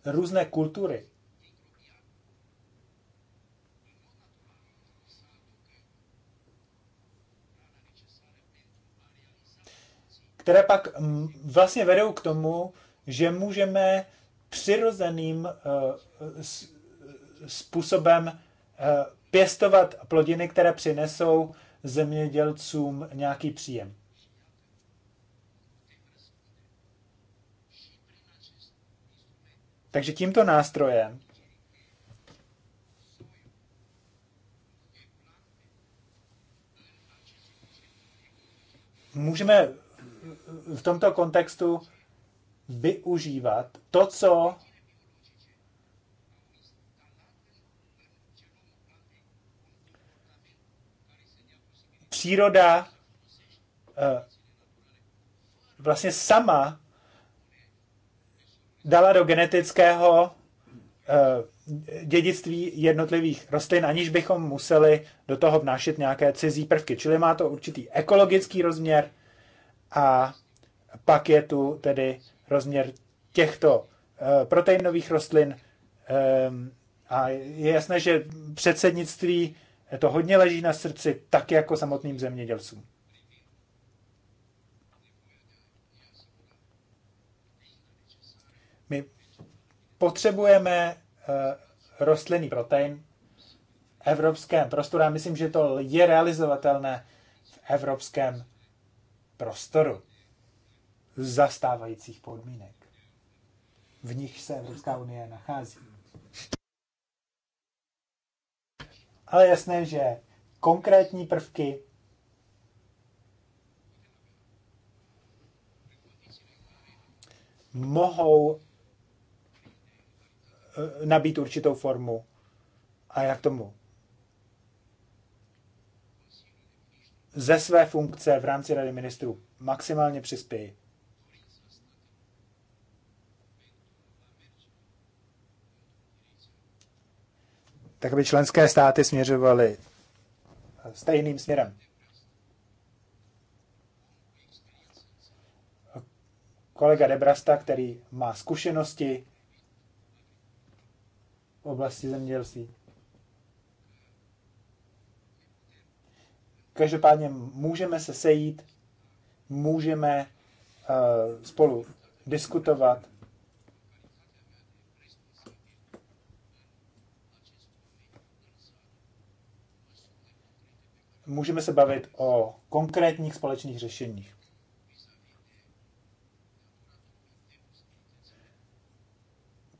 Speaker 3: Různé kultury, které pak mm, vlastně vedou k tomu, že můžeme přirozeným eh, způsobem eh, pěstovat plodiny, které přinesou zemědělcům nějaký příjem. Takže tímto nástrojem můžeme v tomto kontextu využívat to, co příroda eh, vlastně sama dala do genetického eh, dědictví jednotlivých rostlin, aniž bychom museli do toho vnášet nějaké cizí prvky. Čili má to určitý ekologický rozměr, a pak je tu tedy rozměr těchto eh, proteinových rostlin. Ehm, a je jasné, že předsednictví to hodně leží na srdci, tak jako samotným zemědělcům. My potřebujeme eh, rostlinný protein v evropském prostoru. a myslím, že to je realizovatelné v evropském prostoru zastávajících podmínek, v nich se Evropská unie nachází. Ale jasné, že konkrétní prvky mohou eh, nabít určitou formu. A já k tomu ze své funkce v rámci Rady ministrů maximálně přispěji. Tak aby členské státy směřovaly eh, stejným směrem. Kolega Debrasta, který má zkušenosti v oblasti zemědělství, Každopádně můžeme se sejít, můžeme uh, spolu diskutovat. Můžeme se bavit o konkrétních společných řešeních.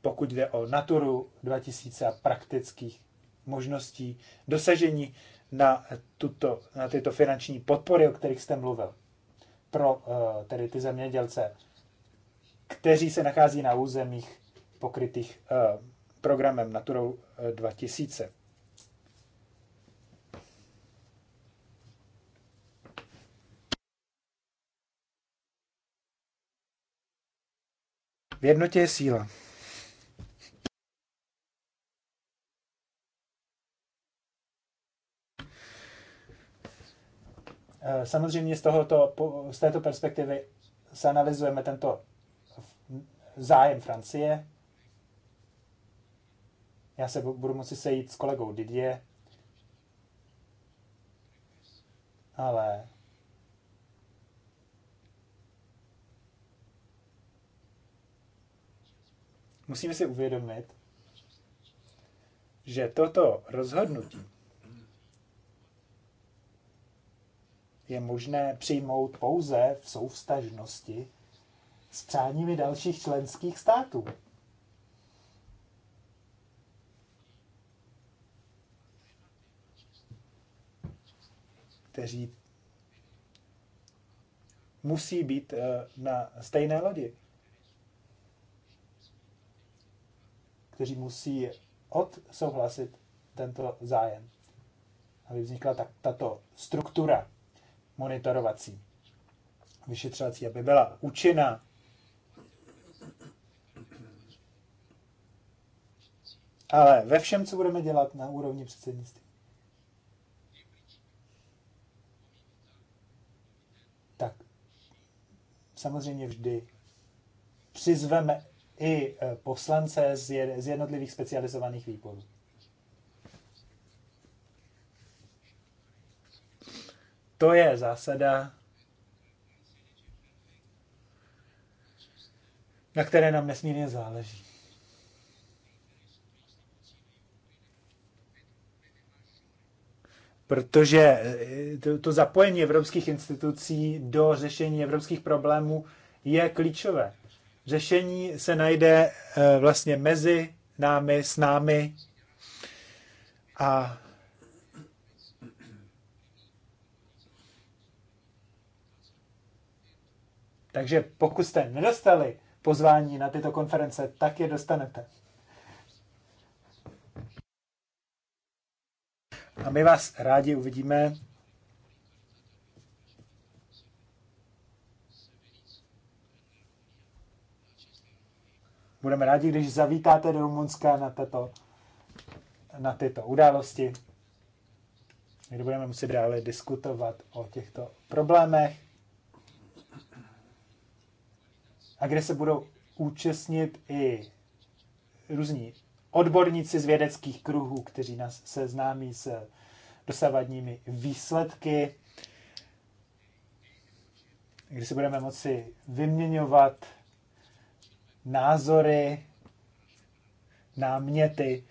Speaker 3: Pokud jde o Naturu 2000 a praktických možností dosažení na, tuto, na tyto finanční podpory, o kterých jste mluvil, pro eh, tedy ty zemědělce, kteří se nachází na územích pokrytých eh, programem Naturou 2000. Eh, v jednotě je síla. Eh, samozřejmě z, tohoto, z této perspektivy se analyzujeme tento zájem Francie. Já se budu moci sejít s kolegou Didier, ale musíme si uvědomit, že toto rozhodnutí je možné přijmout pouze v souvstažnosti s přáními dalších členských států. kteří musí být eh, na stejné lodi, kteří musí odsouhlasit tento zájem, aby vznikla tak, tato struktura monitorovací, vyšetřovací, aby byla účinná. Ale ve všem, co budeme dělat na úrovni předsednictví, tak samozřejmě vždy přizveme i eh, poslance z jednotlivých specializovaných výborů. To je zásada, na které nám nesmírně záleží. Protože eh, to, to zapojení evropských institucí do řešení evropských problémů je klíčové. Řešení se najde eh, vlastně mezi námi, s námi a Takže pokud jste nedostali pozvání na tyto konference, tak je dostanete. A my vás rádi uvidíme. Budeme rádi, když zavítáte do Rumunska na, tato, na tyto události, kdy budeme muset dále diskutovat o těchto problémech. a kde se budou účastnit i různí odborníci z vědeckých kruhů, kteří nás seznámí s dosavadními výsledky, kde si budeme moci vyměňovat názory, náměty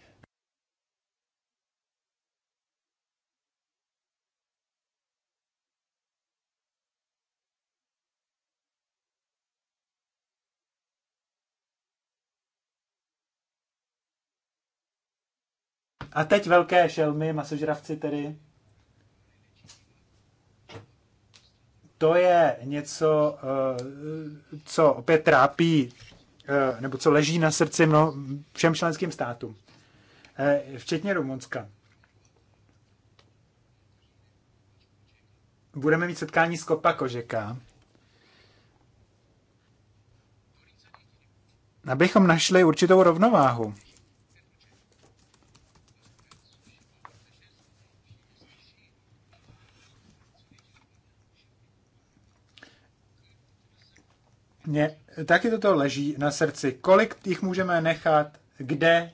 Speaker 3: A teď velké šelmy, masožravci tedy. To je něco, eh, co opět trápí, eh, nebo co leží na srdci mnoho, všem členským státům, eh, včetně Rumunska. Budeme mít setkání s Kopa Kožeka, abychom našli určitou rovnováhu mě taky toto leží na srdci. Kolik jich můžeme nechat, kde,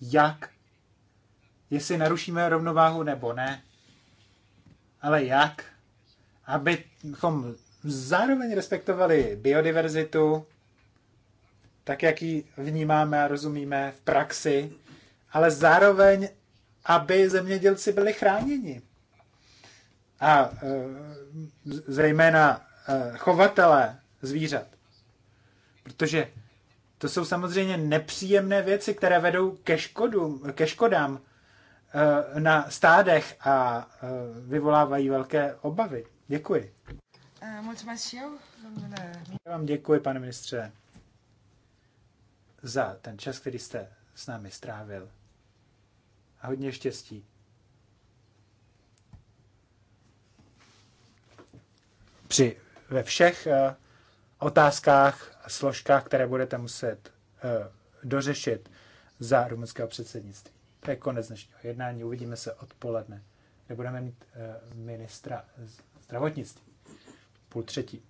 Speaker 3: jak, jestli narušíme rovnováhu nebo ne, ale jak, abychom zároveň respektovali biodiverzitu, tak jak ji vnímáme a rozumíme v praxi, ale zároveň, aby zemědělci byli chráněni. A e, zejména e, chovatelé zvířat. Protože to jsou samozřejmě nepříjemné věci, které vedou ke, škodu, ke škodám eh, na stádech a eh, vyvolávají velké obavy. Děkuji. Eh, Já vám děkuji, pane ministře, za ten čas, který jste s námi strávil. A hodně štěstí. Při ve všech otázkách a složkách, které budete muset eh, dořešit za rumunského předsednictví. To je konec dnešního jednání, uvidíme se odpoledne, kde budeme mít eh, ministra zdravotnictví půl třetí.